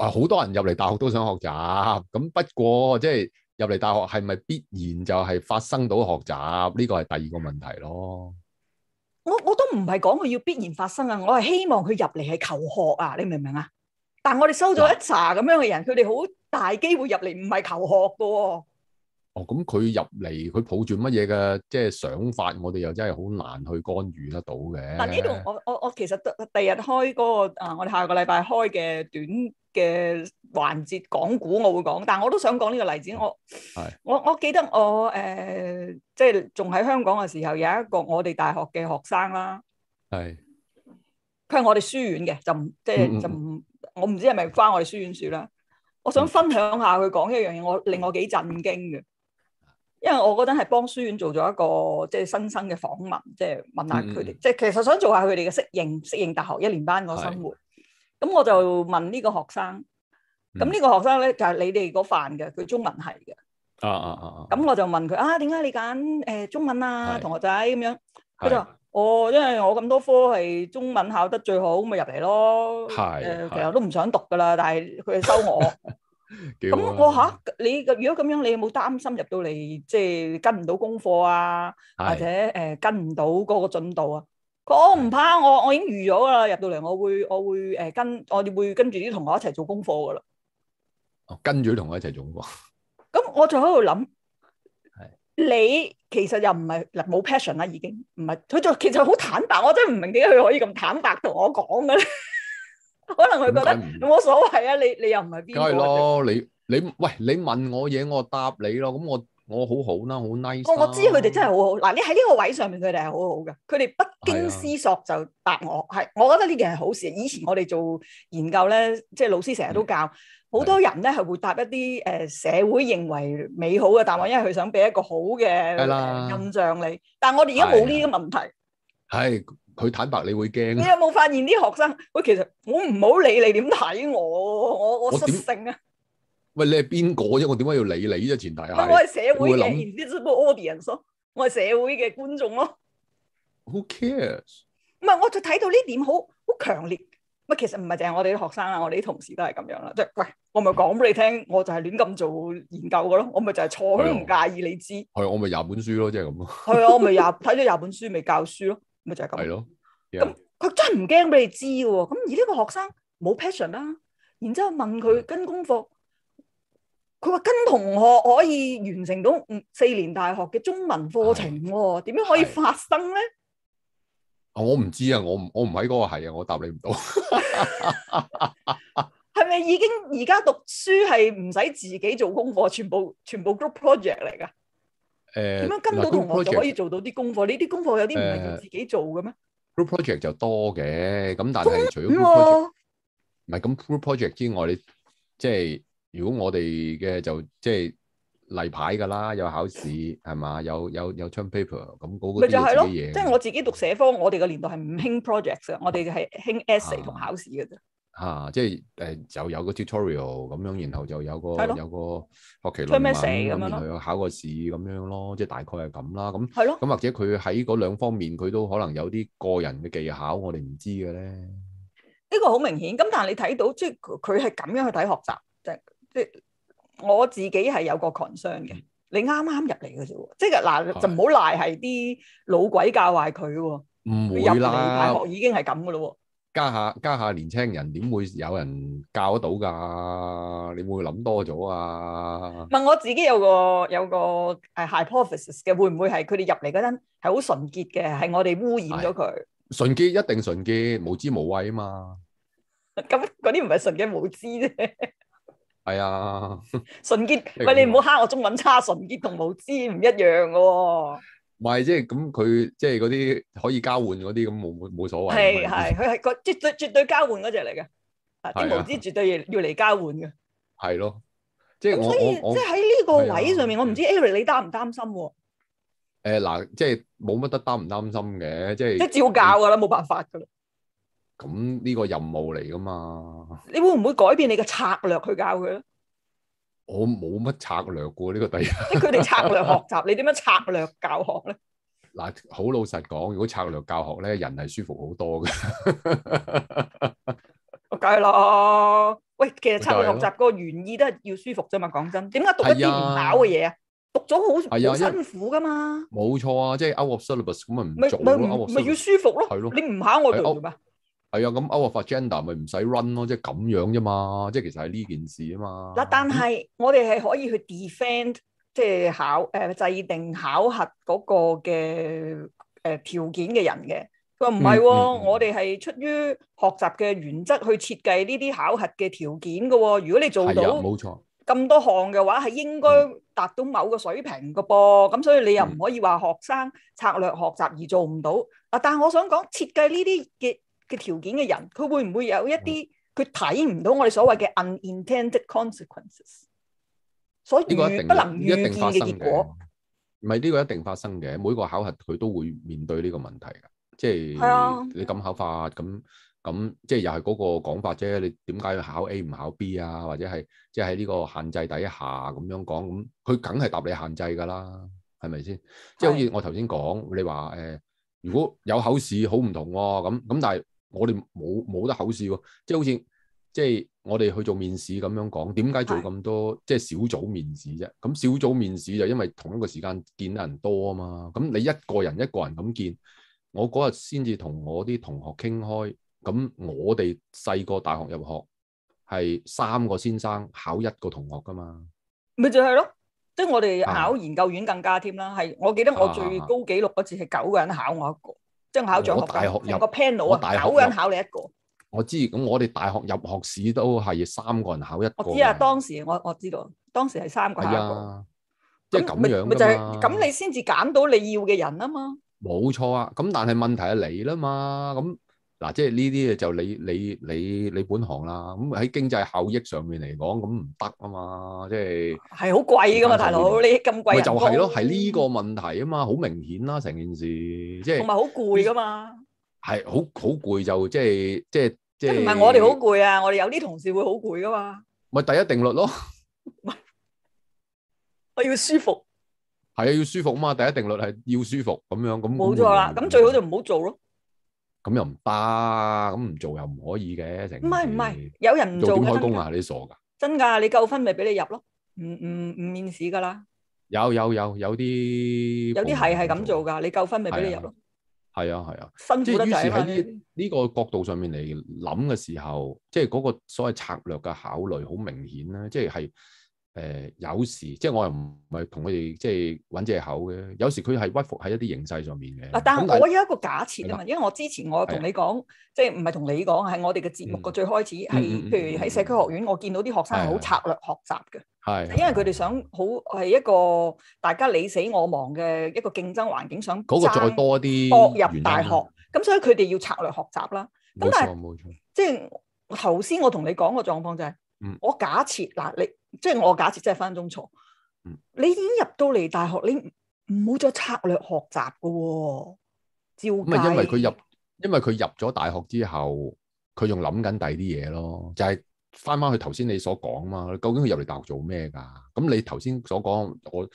啊，好多人入嚟大學都想學習，咁不過即係入嚟大學係咪必然就係發生到學習？呢個係第二個問題咯。我我都唔係講佢要必然發生啊！我係希望佢入嚟係求學啊！你明唔明啊？但係我哋收咗一紮咁樣嘅人，佢哋好大機會入嚟唔係求學嘅喎。哦，咁佢入嚟，佢抱住乜嘢嘅即係想法，我哋又真係好難去干預得到嘅。嗱，呢度我我我其實第二日開嗰個啊，我哋下個禮拜開嘅短嘅環節講古，我會講，但我都想講呢個例子。我我我記得我誒，即係仲喺香港嘅時候，有一個我哋大學嘅學生啦。係佢係我哋書院嘅，就唔即係就唔，是嗯嗯，我唔知係咪翻我哋書院住啦。我想分享下佢講一樣嘢，我令我幾震驚嘅。因為我嗰陣係幫書院做咗一個即係、就是、新生嘅訪問，即、就、係、是、問，問下佢哋、嗯，即係其實想做下佢哋嘅適應適應大學一年班個生活。咁我就問呢個學生，咁、嗯、呢個學生咧就係、是、你哋嗰範嘅，佢中文係嘅。啊啊啊！咁、啊啊、我就問佢啊，點解你揀誒中文啊，同學仔咁樣？佢就話：哦，因為我咁多科係中文考得最好，咪入嚟咯。係誒、呃，其實都唔想讀噶啦，但係佢收我。 <laughs> 咁我吓、啊、你，如果咁樣，你有冇擔心入到嚟即係跟唔到功課啊，或者誒、呃、跟唔到嗰個進度啊？我唔怕，我我已經預咗噶啦，入到嚟我會我會誒、呃、跟，我哋會跟住啲同學一齊做功課噶啦。哦，跟住同學一齊做功課喎。咁我就喺度諗，你其實又唔係嗱冇 passion 啦，已經唔係，佢就其實好坦白，我真係唔明點解佢可以咁坦白同我講噶。可能佢覺得冇所謂啊！你你又唔係邊個？梗係咯，你你喂，你問我嘢，我答你咯。咁我我好好啦，好 nice 啦。我知佢哋真係好好。嗱，你喺呢個位上面，佢哋係好好嘅。佢哋不經思索就答我，係我覺得呢件係好事。以前我哋做研究咧，即係老師成日都教，好多人咧係會答一啲誒社會認為美好嘅答案，因為佢想俾一個好嘅印象你。但係我哋而家冇呢啲問題。係。佢坦白你害、啊，你會驚，你有冇發現啲學生？喂，其實我唔好理你點睇我，我我失性啊！喂，你係邊個啫？我點解要理你啫？前提係我係社會嘅，啲咁嘅 audience，我係社會嘅觀眾咯。Who cares？唔係，我就睇到呢點好好強烈。唔其實唔係淨係我哋啲學生啊，我哋啲同事都係咁樣啦。即、就、係、是，喂，我咪講俾你聽，我就係亂咁做研究㗎咯。我咪就係錯，我唔介意你知。係、哦，我咪廿本書咯，即係咁咯。係啊，我咪廿睇咗廿本書，咪教書咯。就是咪就係、是、咁，咁佢真係唔驚俾你知喎。咁而呢個學生冇 passion 啦，然之後問佢跟功課，佢話跟同學可以完成到四年大學嘅中文課程，點樣、哦、可以發生咧？我唔知啊，我我唔喺嗰個系啊，我答你唔到。係 <laughs> 咪 <laughs> 已經而家讀書係唔使自己做功課，全部全部 group project 嚟噶？誒，點樣跟到同學就可以做到啲功課？呢啲功課有啲唔係自己做嘅咩？group project 就多嘅，咁但係除咗唔係咁，group project 之外，你即係如果我哋嘅就即係例牌噶啦，有考試係嘛，有有有 term paper 咁嗰個，咪就係咯，即係我自己讀社科，我哋個年代係唔興 projects 嘅，我哋就係興 essay 同考試嘅啫。吓、啊，即係誒、呃，就有個 tutorial 咁樣，然後就有個有個學期論文咁，然後要考個試咁樣咯，即係、即係、大概係咁啦。咁係咯，咁或者佢喺嗰兩方面，佢都可能有啲個人嘅技巧，我哋唔知嘅咧。呢、呢個好明顯，咁但係你睇到即係佢係咁樣去睇學習，即係即係我自己有係有個 concern 嘅。你啱啱入嚟嘅啫，即係嗱、啊、就唔好賴係啲老鬼教壞佢喎。唔會啦，入嚟大學已經係咁噶啦。加下加下，年青人點會有人教得到噶？你會諗多咗啊？問我自己有個有個係 hypothesis 嘅，會唔會係佢哋入嚟嗰陣係好純潔嘅？係我哋污染咗佢？純潔一定純潔，無知無畏啊嘛！咁嗰啲唔係純潔無知啫。係啊！純潔！喂，你唔好蝦我中文差，純潔同無知唔一樣噶。唔係，即係咁佢即係嗰啲可以交換嗰啲，咁冇冇所謂。係係，佢係個即係絕對交換嗰隻嚟嘅，啲、啊、毛資絕對要嚟交換嘅。係咯，即係我，所以即係喺呢個位上面，我唔知 Eric 你擔唔擔心喎、啊？誒、呃，嗱，即係冇乜得擔唔擔心嘅，即係。即係照教噶啦，冇辦法噶啦。咁呢個任務嚟噶嘛？你會唔會改變你嘅策略去教佢呢？我冇乜策略過呢、這個第一個，佢 <laughs> 哋策略學習，你點樣策略教學咧？嗱，好老實講，如果策略教學咧，人係舒服好多㗎。梗係咯，喂，其實策略學習嗰個原意都係要舒服啫嘛。講、就是、真，點解讀一啲唔考嘅嘢啊？讀咗好係啊，辛苦噶嘛。冇錯不不 of not of not of 啊，即係 out of syllabus 咁咪唔咪要舒服咯，係咯、啊，你唔考、啊、我做咩？係、哎、啊，咁 overall agenda 咪唔使 run 咯，即係咁樣啫嘛，即、就、係、是、其實係呢件事啊嘛。嗱，但係我哋係可以去 defend，即係考誒、呃、制定考核嗰個嘅誒、呃、條件嘅人嘅。佢話唔係喎，我哋係出於學習嘅原則去設計呢啲考核嘅條件嘅喎、哦。如果你做到冇錯咁多項嘅話，係、啊、應該達到某個水平㗎噃。咁、嗯、所以你又唔可以話學生策略學習而做唔到。啊，但係我想講設計呢啲嘅。嘅條件嘅人，佢會唔會有一啲佢睇唔到我哋所謂嘅 unintended consequences，所以不能、呢個、一定發生嘅？唔係呢個一定發生嘅，每個考核佢都會面對呢個問題嘅。即係、啊、你咁考法咁咁，即係又係嗰個講法啫。你點解要考 A 唔考 B 啊？或者係即係喺呢個限制底下咁樣講，咁佢梗係答你限制㗎啦，係咪先？即係好似我頭先講，你話誒、呃、如果有考試好唔同喎、啊，咁咁但係。我哋冇冇得口試，即係好似即係我哋去做面試咁樣講，點解做咁多、哎、即係小組面試啫？咁小組面試就因為同一個時間見得人多啊嘛，咁你一個人一個人咁見，我嗰日先至同我啲同學傾開，咁我哋細個大學入學係三個先生考一個同學噶嘛，咪就係、是、咯，即、就、係、是、我哋考研究院更加添啦，係、啊、我記得我最高紀錄嗰次係九個人考我一個。將考咗，有個 panel 我大學，九個人考你一個。我知，咁我哋大學入學試都係三個人考一個。我知啊，當時我我知道，當時係三個考一個，即係咁樣噶、就是、嘛。咁你先至揀到你要嘅人啊嘛。冇錯啊，咁但係問題係你啦嘛，咁。嗱，即係呢啲嘢就你你你你本行啦，咁喺經濟效益上面嚟講，咁唔得啊嘛，即係係好貴噶嘛，大佬，你咁貴人，咪就係咯，係呢個問題啊嘛，好明顯啦，成件事即係同埋好攰噶嘛，係好好攰就即係即係即係唔係我哋好攰啊？我哋有啲同事會好攰噶嘛，咪第一定律咯，我要舒服，係啊，要舒服啊嘛，第一定律係要舒服咁樣咁，冇錯啦，咁最好就唔好做咯。咁又唔得，咁唔做又唔可以嘅，成唔係唔係有人唔做，做開工啊，你傻噶？真噶，你夠分咪俾你入咯，唔唔唔面試噶啦。有有有有啲，有啲係係咁做噶，你夠分咪俾你入咯。係啊係啊，甚至、啊啊啊、喺呢呢個角度上面嚟諗嘅時候，即係嗰個所謂策略嘅考慮好明顯啦，即係。誒、呃，有時即係我又唔係同佢哋即係揾借口嘅。有時佢係屈服喺一啲形勢上面嘅。但係我有一個假設啊嘛，因為我之前我同你講，即係唔係同你講，係我哋嘅節目嘅最開始係，譬如喺社區學院，我見到啲學生係好策略學習嘅。係，因為佢哋想好係一個大家你死我亡嘅一個競爭環境，想嗰個再多啲。搏入大學。咁所以佢哋要策略學習啦。冇錯，冇錯。咁但係，即係頭先我同你講個狀況就係、是嗯，我假設嗱你。即係我假設，真係翻中初，你已經入到嚟大學，你唔好再策略學習噶。照計，因為佢入，因為佢入咗大學之後，佢仲諗緊第二啲嘢咯。就係翻翻去頭先你所講啊嘛。究竟佢入嚟大學做咩噶？咁你頭先所講，我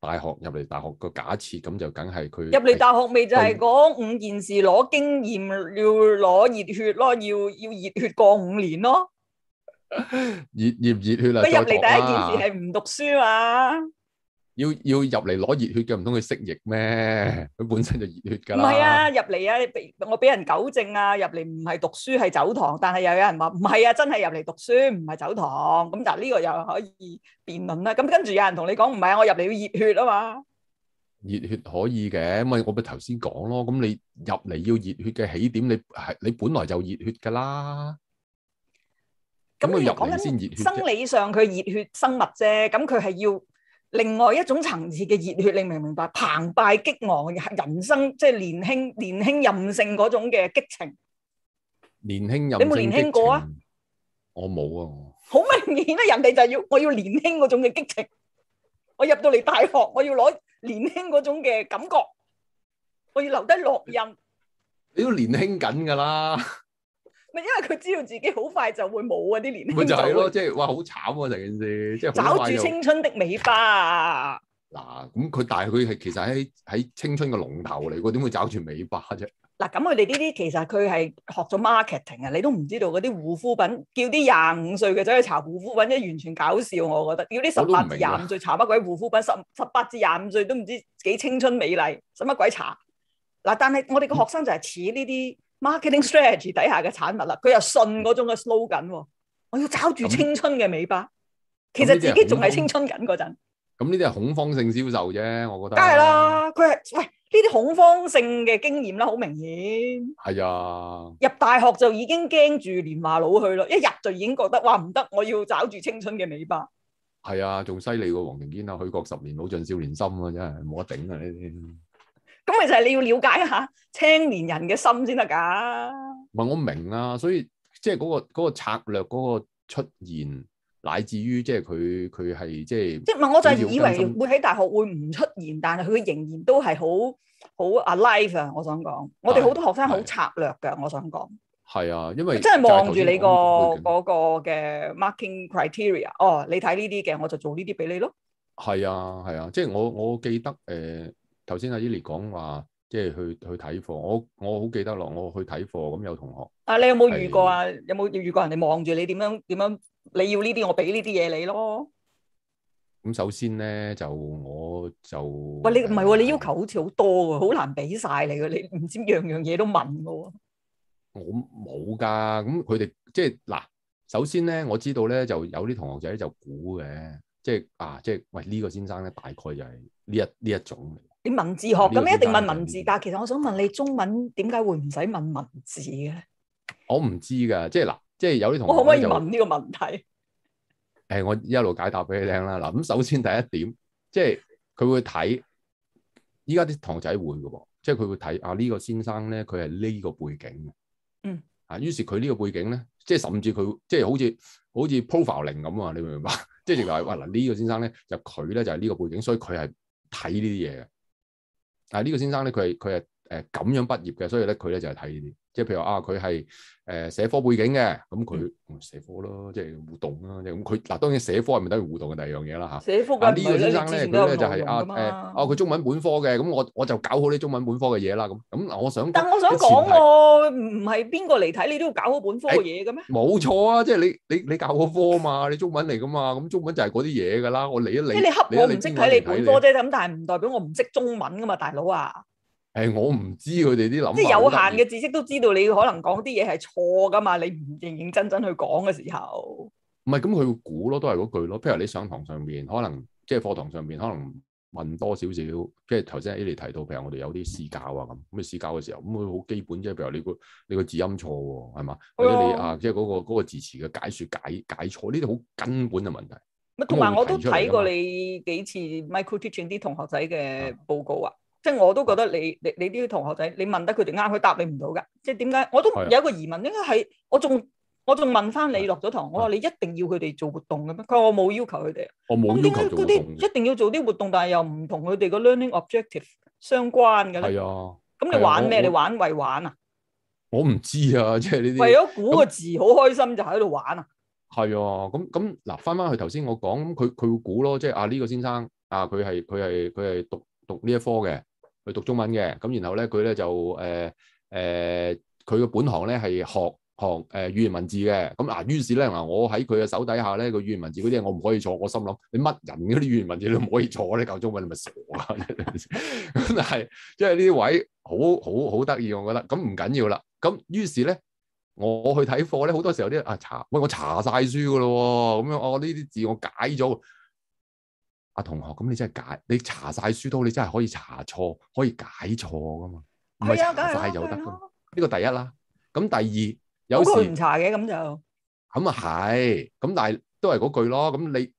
大學入嚟大學個假設，咁就梗係佢入嚟大學，咪就係講五件事，攞經驗，要攞熱血咯，要要熱血過五年咯。熱熱唔熱血啊！佢入嚟第一件事係唔讀書嘛？要要入嚟攞熱血嘅，唔通佢適應咩？佢本身就熱血噶啦。唔係啊，入嚟啊，我俾人糾正啊，入嚟唔係讀書係走堂，但係又有人話唔係啊，真係入嚟讀書唔係走堂。咁嗱呢個又可以辯論啦。咁跟住有人同你講唔係啊，我入嚟要熱血啊嘛。熱血可以嘅，咪我咪頭先講咯。咁你入嚟要熱血嘅起點，你係你本來就熱血噶啦。咁你講緊生理上佢熱血生物啫，咁佢係要另外一種層次嘅熱血，你明唔明白？澎湃激昂嘅人生，即係年輕、年輕任性嗰種嘅激情。年輕人，你有冇年輕過啊？我冇啊！好明顯啊！人哋就係要我要年輕嗰種嘅激情。我入到嚟大學，我要攞年輕嗰種嘅感覺，我要留低烙印。你要年輕緊噶啦～因為佢知道自己好快就會冇啊啲年輕，咪就係、是、咯，即、就、係、是、哇好慘喎、啊！成件事即係找住青春的尾巴。嗱，咁佢但係佢係其實喺喺青春嘅龍頭嚟，點會找住尾巴啫？嗱，咁佢哋呢啲其實佢係學咗 marketing 啊，你都唔知道嗰啲護膚品叫啲廿五歲嘅走去搽護膚品，真係完全搞笑。我覺得叫啲十八至廿五歲搽乜鬼護膚品？十十八至廿五歲都唔知幾青春美麗，使乜鬼搽？嗱，但係我哋個學生就係似呢啲。嗯 Marketing strategy 底下嘅產物啦，佢又信嗰種嘅 slogan，我要抓住青春嘅尾巴、嗯。其實自己仲係青春緊嗰陣，咁呢啲係恐慌性銷售啫。我覺得，梗係啦，佢係喂呢啲恐慌性嘅經驗啦，好明顯。係、哎、啊，入大學就已經驚住年華老去咯，一入就已經覺得，哇唔得，我要抓住青春嘅尾巴。係、哎、啊，仲犀利過黃庭堅啊，去國十年老盡少年心啊，真係冇得頂啊呢啲。咁咪就係你要了解一下青年人嘅心先得噶。唔係我明啊，所以即係嗰個嗰個策略嗰個出現，乃至於即係佢佢係即係。即係唔係我就係以為會喺大學會唔出現，但係佢仍然都係好好 alive 啊！我想講，我哋好多學生好策略㗎，我想講。係啊，因為真係望住你個嗰個嘅 marking criteria。哦，你睇呢啲嘅，我就做呢啲俾你咯。係啊係啊，即係我我記得誒。呃頭先阿伊麗講話，即係去去睇貨，我我好記得咯。我去睇貨，咁有同學啊，你有冇遇過啊？有冇遇過人哋望住你點樣點樣？你要呢啲，我俾呢啲嘢你咯。咁首先咧，就我就喂，你唔係喎，你要求好似好多噶，好難俾晒你噶。你唔知樣樣嘢都問噶我冇噶，咁佢哋即係嗱，首先咧我知道咧，就有啲同學仔就估嘅，即係啊，即係喂，呢個先生咧，大概就係呢一呢一種。你文字學咁，這個，一,一定問文字，但係其實我想問你，中文點解會唔使問文字嘅？我唔知噶，即係嗱，即係有啲同學可唔可以問呢個問題？誒、欸，我一路解答俾你聽啦。嗱，咁首先第一點，即係佢會睇依家啲同學仔會噶，即係佢會睇啊呢，這個先生咧，佢係呢個背景嘅。嗯，啊，於是佢呢個背景咧，即係甚至佢即係好似好似 profile 零咁啊，你明唔明白？即係原來，喂嗱，呢，哦這個先生咧，就佢咧就係，是，呢個背景，所以佢係睇呢啲嘢嘅。啊！呢個先生咧，佢係佢係誒咁樣畢業嘅，所以咧佢咧就係睇呢啲。即係譬如啊，佢係誒社科背景嘅，咁佢唔社科咯，即係互動啦，即咁佢嗱，當然社科係咪等於互動嘅第二樣嘢啦嚇？社科咁呢位先生咧，佢咧就係啊誒啊，佢、啊啊、中文本科嘅，咁我我就搞好啲中文本科嘅嘢啦，咁咁嗱，我想但我想講喎，唔係邊個嚟睇你都要搞好本科嘅嘢嘅咩？哎，冇錯啊，即係你你你教嗰科啊嘛，你中文嚟噶嘛，咁中文就係嗰啲嘢噶啦，我嚟一嚟。即係你恰我唔識睇你本科啫，咁但係唔代表我唔識中文噶嘛，大佬啊！係我唔知佢哋啲諗，即係有限嘅知識都知道，你可能講啲嘢係錯噶嘛。你唔認認真真去講嘅時候，唔係咁佢估咯，都係嗰句咯。譬如你上堂上面，可能即係、就是、課堂上面，可能問多少少。即係頭先 Ari 提到，譬如我哋有啲試教啊咁。咁試教嘅時候，咁佢好基本即係。譬如你個你個字音錯喎，係嘛、哦？或者你啊，即係嗰個嗰個字詞嘅解説解解，解錯，呢啲好根本嘅問題。咪同埋我都睇過你幾次 micro-teaching 啲同學仔嘅報告啊。即係我都覺得你你你啲同學仔，你問得佢哋啱，佢答你唔到㗎。即係點解？我都有一個疑問，應該係我仲我仲問翻你落咗堂，我話你一定要佢哋做活動嘅咩？佢話我冇要求佢哋。我冇要求做活動。一定要做啲活動，但係又唔同佢哋個 learning objective 相關嘅咧。係啊。咁你玩咩？你玩為玩啊？我唔知啊，即係呢啲。為咗估個字，好開心就喺度玩啊。係啊，咁咁嗱，翻翻去頭先我講，咁佢佢會估咯，即係啊呢個先生啊，佢係佢係佢係讀讀呢一科嘅。佢讀中文嘅，咁然後咧，佢咧就誒誒，佢、呃、嘅、呃、本行咧係學學誒、呃、語言文字嘅。咁嗱、啊，於是咧，嗱我喺佢嘅手底下咧，個語言文字嗰啲我唔可以錯，我心諗你乜人嗰啲語言文字你唔可以錯咧，教中文你咪傻啊！咁 <laughs> 但係，即係呢啲位好好好得意，我覺得。咁唔緊要啦。咁於是咧，我去睇課咧，好多時候啲啊查，喂我查晒書㗎咯，咁樣我呢啲字我解咗。阿、啊、同學，咁你真係解，你查晒書都，你真係可以查錯，可以解錯噶嘛？唔、哎、係查晒就得咯。呢、這個第一啦。咁第二，有時唔查嘅咁就咁啊係。咁但係都係嗰句咯。咁你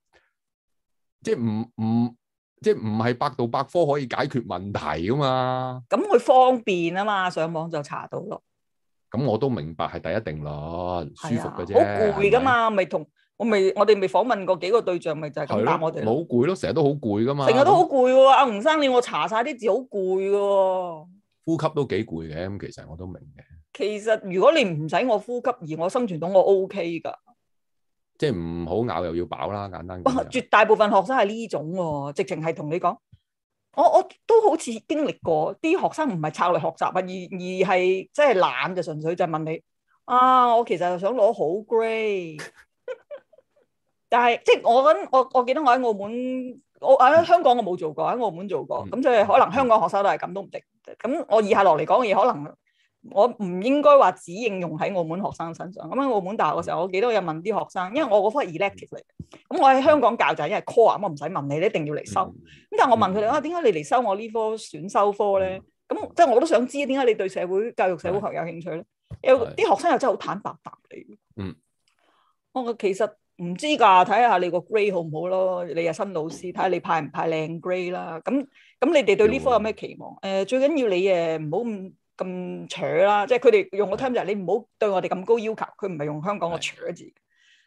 即係唔唔，即係唔係百度百科可以解決問題噶嘛？咁佢方便啊嘛，上網就查到咯。咁我都明白係第一定律，舒服嘅啫。好攰噶嘛，咪同。我咪我哋咪訪問過幾個對象，咪就係咁答我哋。好攰咯，成日都好攰噶嘛。成日都好攰喎，阿吳生你我查晒啲字好攰嘅。呼吸都幾攰嘅，咁其實我都明嘅。其實如果你唔使我呼吸，而我生存到我 O K 噶，即係唔好咬又要飽啦，簡單。哇！絕大部分學生係呢種喎，直情係同你講，我我都好似經歷過啲學生唔係策略學習啊，而而係即係懶就純粹就問你啊，我其實想攞好 great。但係即係我諗，我我記得我喺澳門，我喺香港我冇做過，喺澳門做過，咁所以可能香港學生都係咁都唔定。咁我以下落嚟講嘅嘢，可能我唔應該話只應用喺澳門學生身上。咁喺澳門大學嘅時候，嗯、我記得有問啲學生，因為我嗰科係 elective 嚟、嗯，咁我喺香港教就係因為 core，咁我唔使問你，你一定要嚟修。咁、嗯、但係我問佢哋、嗯、啊，點解你嚟修我呢科選修科咧？咁、嗯、即係我都想知啊，點解你對社會教育社會學有興趣咧？有啲學生又真係好坦白答你。嗯，我覺得其實。唔知㗎，睇下你個 grade 好唔好咯。你係新老師，睇下你派唔派靚 grade 啦。咁咁，你哋對呢科有咩期望？誒、呃，最緊要你誒唔好咁咁扯啦。即係佢哋用個 term 就係你唔好對我哋咁高要求。佢唔係用香港個扯字。誒、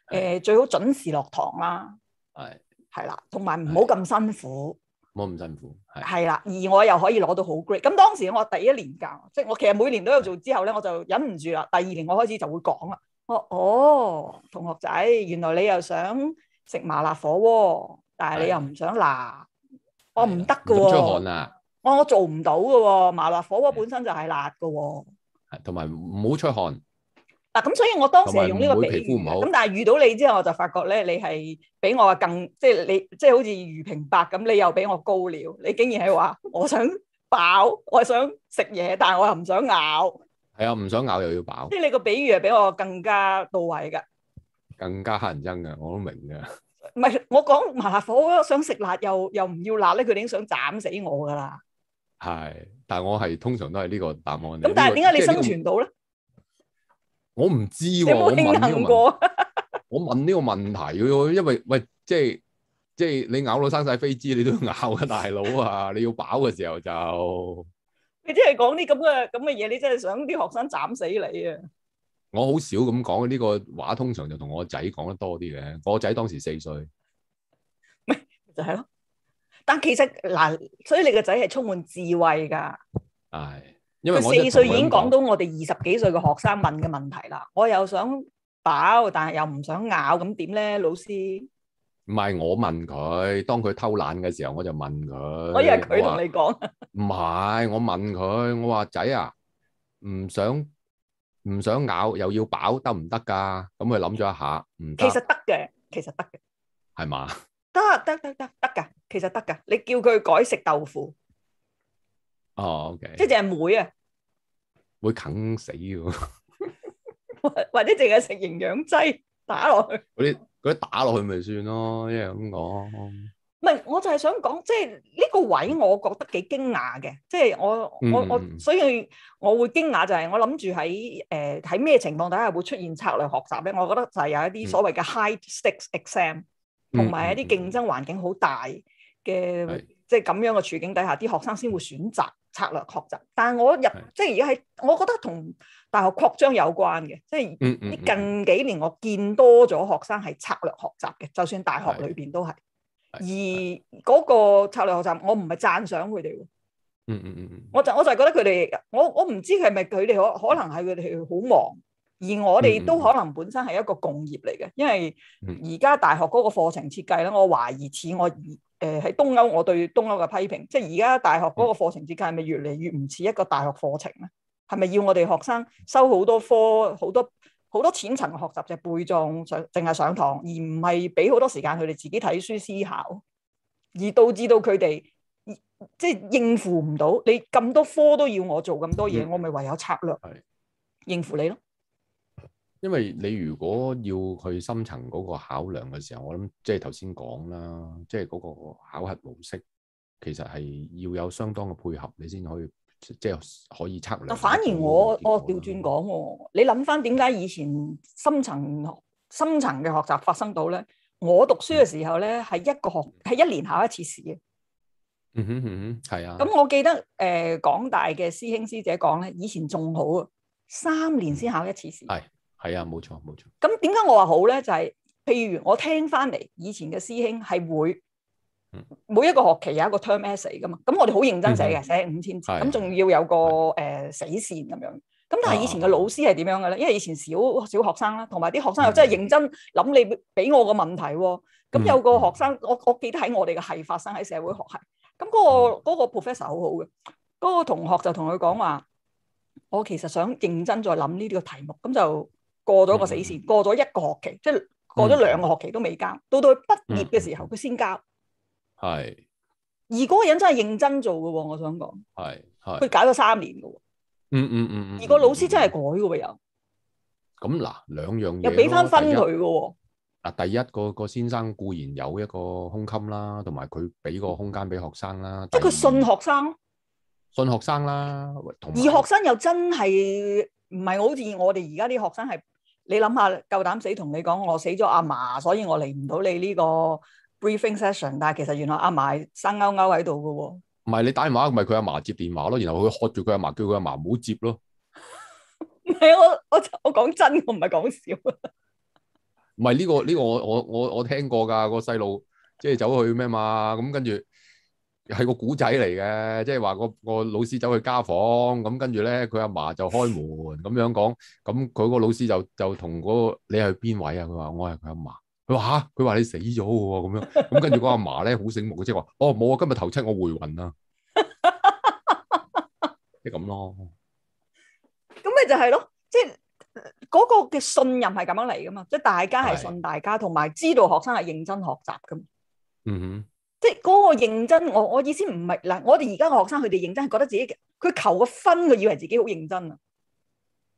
呃，最好準時落堂啦。係係啦，同埋唔好咁辛苦。唔好咁辛苦。係啦，而我又可以攞到好 grade。咁當時我第一年教，即係我其實每年都有做之後咧，我就忍唔住啦。第二年我開始就會講啦。哦，同學仔，原來你又想食麻辣火鍋，但係你又唔想辣，我唔得嘅喎。出汗啊！我我做唔到嘅喎，麻辣火鍋本身就係辣嘅喎。同埋唔好出汗嗱。咁所以我當時用呢個比喻。咁但係遇到你之後，我就發覺咧，你係比我更即係、就是、你即係、就是、好似如平白咁，你又比我高了。你竟然係話我想飽，我係想食嘢，但係我又唔想咬。係啊，唔想咬又要飽，即係你個比喻係，比我更加到位噶，更加乞人憎噶，我都明噶。唔係，我講麻辣火，想食辣又又唔要辣咧，佢哋已經想斬死我噶啦。係，但係我係通常都係呢個答案。咁、這個、但係點解你、這個、生存到咧？我唔知、啊，有冇我問呢個問，我問呢個問題， <laughs> 問問題啊、因為喂，即係即係你咬到生晒飛滋，你都要咬噶大佬啊！啊 <laughs> 你要飽嘅時候就。你真係講啲咁嘅咁嘅嘢，你真係想啲學生斬死你啊！我好少咁講呢個話，通常就同我仔講得多啲嘅。我仔當時四歲，咪就係咯。但其實嗱，所以你個仔係充滿智慧噶。係，因為四歲已經講到我哋二十幾歲嘅學生問嘅問題啦。我又想飽，但係又唔想咬，咁點咧，老師？唔係，我問佢，當佢偷懶嘅時候，我就問佢。我以為佢同你講。唔係，我問佢，我話仔啊，唔想唔想咬，又要飽，得唔得噶？咁佢諗咗一下，唔。其實得嘅，其實得嘅。係嘛？得得得得得噶，其實得噶。你叫佢改食豆腐。哦，OK。即係淨係妹啊。會啃死噶。或或者淨係食營養劑打落去。嗰打落去咪算咯，一樣咁講。唔係，我就係想講，即係呢個位，我覺得幾驚訝嘅。即、就、係、係、我我、嗯、我，所以我會驚訝就係，我諗住喺誒喺咩情況底下會出現策略學習咧？我覺得就係有一啲所謂嘅 high stakes exam，同、嗯、埋一啲競爭環境好大嘅，即係咁樣嘅處境底下，啲學生先會選擇。策略學習，但係我入即係而家係，我覺得同大學擴張有關嘅，即係近幾年我見多咗學生係策略學習嘅，就算大學裏邊都係。而嗰個策略學習，我唔係讚賞佢哋。嗯嗯嗯嗯，我就我就係覺得佢哋，我我唔知係咪佢哋可可能係佢哋好忙。而我哋都可能本身係一個共業嚟嘅，因為而家大學嗰個課程設計咧，我懷疑似我誒喺、呃、東歐我對東歐嘅批評，即係而家大學嗰個課程設計係咪越嚟越唔似一個大學課程咧？係咪要我哋學生收好多科、好多好多淺層嘅學習就背誦上，淨係上堂，而唔係俾好多時間佢哋自己睇書思考，而導致到佢哋即係應付唔到你咁多科都要我做咁多嘢，嗯，我咪唯有策略應付你咯？因為你如果要去深層嗰個考量嘅時候，我諗即係頭先講啦，即係嗰個考核模式，其實係要有相當嘅配合，你先可以即係、就是、可以測量。反而我我調轉講，你諗翻點解以前深層深層嘅學習發生到咧？我讀書嘅時候咧，係一個學系一年考一次試嘅。嗯哼嗯哼，係啊。咁我記得誒、呃，港大嘅師兄師姐講咧，以前仲好啊，三年先考一次試。係。係啊，冇錯冇錯。咁點解我話好咧？就係、是，譬如我聽翻嚟，以前嘅師兄係會，每一個學期有一個 term essay 噶嘛。咁、嗯、我哋好認真寫嘅，寫五千字，咁、嗯、仲要有個誒、呃、死線咁樣。咁但係以前嘅老師係點樣嘅咧、啊？因為以前小小學生啦、啊，同埋啲學生又真係認真諗你俾我個問題、啊。咁、嗯、有個學生，我我記得喺我哋嘅係發生喺社會學系。咁嗰、那個嗰、那個 professor 好好嘅，嗰、那個同學就同佢講話：我其實想認真再諗呢啲嘅題目。咁就。過咗個死線，過咗一個學期，即係過咗兩個學期都未交，到到佢畢業嘅時候佢先交。係、嗯。而嗰個人真係認真做嘅，我想講。係係。佢搞咗三年嘅。嗯嗯嗯嗯。而個老師真係改嘅又。咁、嗯、嗱，兩樣嘢。又俾翻分佢嘅。嗱，第一，第一，第一個個先生固然有一個空襟啦，同埋佢俾個空間俾學生啦。即係佢信學生。信學生啦，同。而學生又真係唔係好似我哋而家啲學生係。你諗下夠膽死同你講我死咗阿嫲，所以我嚟唔到你呢個 briefing session。但係其實原來阿嫲生勾勾喺度噶喎。唔係你打電話咪佢、就是、阿嫲接電話咯，然後佢喝住佢阿嫲，叫佢阿嫲唔好接咯。唔係我我我講真，我唔係講笑啊。唔係呢個呢、呢個我我我我聽過噶，個細路即係走去咩嘛，咁跟住。係個古仔嚟嘅，即係話個個老師走去家訪，咁跟住咧佢阿嫲就開門咁樣講，咁佢個老師就就同、嗰個你係邊位啊？佢話我係佢阿嫲。佢話吓，佢、啊、話你死咗喎、啊，咁樣，咁跟住個阿嫲咧好醒目，即係話哦冇啊，今日頭七我回魂啦，即係咁咯。咁 <laughs> 咪就係咯，即係嗰個嘅信任係咁樣嚟噶嘛，即係大家係信大家，同埋知道學生係認真學習噶嘛。嗯哼。即係嗰個認真，我我意思唔係嗱，我哋而家嘅學生，佢哋認真係覺得自己佢求個分，佢以為自己好認真啊。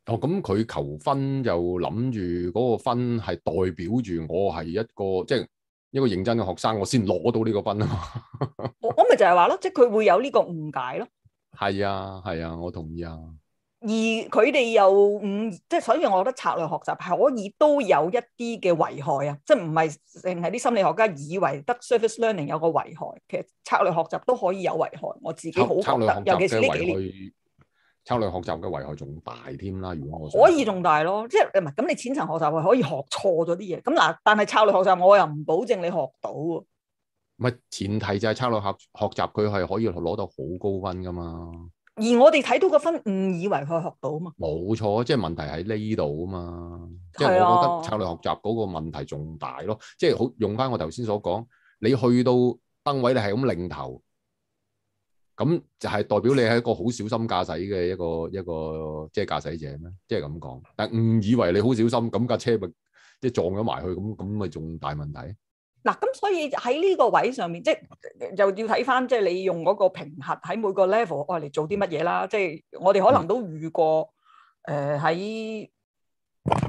哦，咁佢求分就諗住嗰個分係代表住我係一個即係、就是、一個認真嘅學生，我先攞到呢個分啊 <laughs> 。我我咪就係話咯，即係佢會有呢個誤解咯。係啊係啊，我同意啊。而佢哋又唔即係，所、嗯、以、就是、我覺得策略學習係可以都有一啲嘅危害啊！即係唔係淨係啲心理學家以為得 surface learning 有個危害，其實策略學習都可以有危害。我自己好覺得，尤其是呢幾年策略學習嘅危害仲大添啦。如果我可以仲大咯，即係唔係咁？你淺層學習係可以學錯咗啲嘢。咁嗱，但係策略學習我又唔保證你學到啊。唔係前提就係策略學學習，佢係可以攞到好高分噶嘛。而我哋睇到個分，誤以為佢學到啊嘛，冇錯即係問題喺呢度啊嘛，啊即係我覺得策略學習嗰個問題仲大咯，即係好用翻我頭先所講，你去到燈位你係咁擰頭，咁就係代表你係一個好小心駕駛嘅一個一個即係駕駛者咩？即係咁講，但誤以為你好小心，咁架車咪即係撞咗埋去，咁咁咪仲大問題。嗱、啊，咁所以喺呢個位上面，即係又要睇返，即係你用嗰個平衡喺每個 level，愛嚟做啲乜嘢啦？即、嗯、係我哋可能都遇過，誒、嗯、喺、呃。在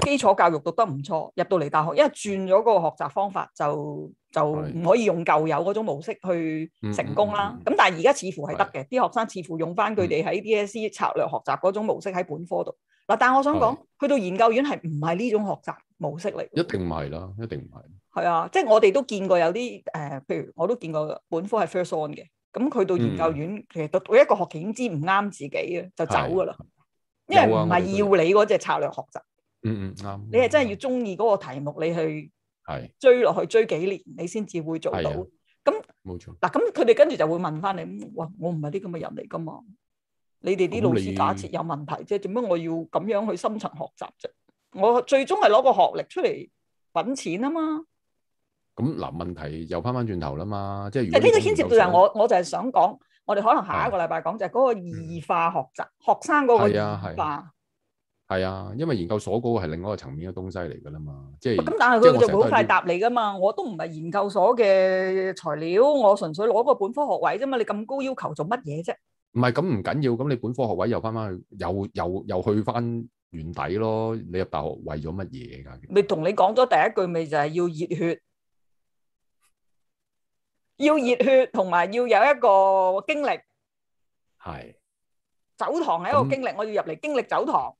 基礎教育讀得唔錯，入到嚟大學，因為轉咗個學習方法，就就唔可以用舊有嗰種模式去成功啦。咁但係而家似乎係得嘅，啲學生似乎用翻佢哋喺 DSE 策略學習嗰種模式喺本科度。嗱，但係我想講，去到研究院係唔係呢種學習模式嚟？一定唔係啦，一定唔係。係啊，即係我哋都見過有啲誒、呃，譬如我都見過本科係 First on 嘅，咁佢到研究院、嗯、其實讀到一個學期已經知唔啱自己啊，就走噶啦，因為唔係要你嗰隻策略學習。嗯嗯啱，你係真係要中意嗰個題目，嗯、你去係追落去追幾年，你先至會做到。咁冇錯。嗱咁，佢哋跟住就會問翻你，咁哇，我唔係啲咁嘅人嚟噶嘛？你哋啲老師假設有問題啫，點解我要咁樣去深層學習啫？我最終係攞個學歷出嚟搵錢啊嘛。咁嗱、啊，問題又翻翻轉頭啦嘛，即係呢個牽涉到就係我，我就係想講，我哋可能下一個禮拜講就係嗰個異化學習，學生嗰個異化。係啊，因為研究所嗰個係另外一個層面嘅東西嚟噶啦嘛，即係咁但係佢就唔好快答你噶嘛，我都唔係研究所嘅材料，我純粹攞個本科學位啫嘛，你咁高要求做乜嘢啫？唔係咁唔緊要，咁你本科學位又翻翻去，又又又去翻原底咯，你入大學為咗乜嘢噶？咪同你講咗第一句咪就係要熱血，要熱血，同埋要有一個經歷，係走堂係一個經歷，我要入嚟經歷走堂。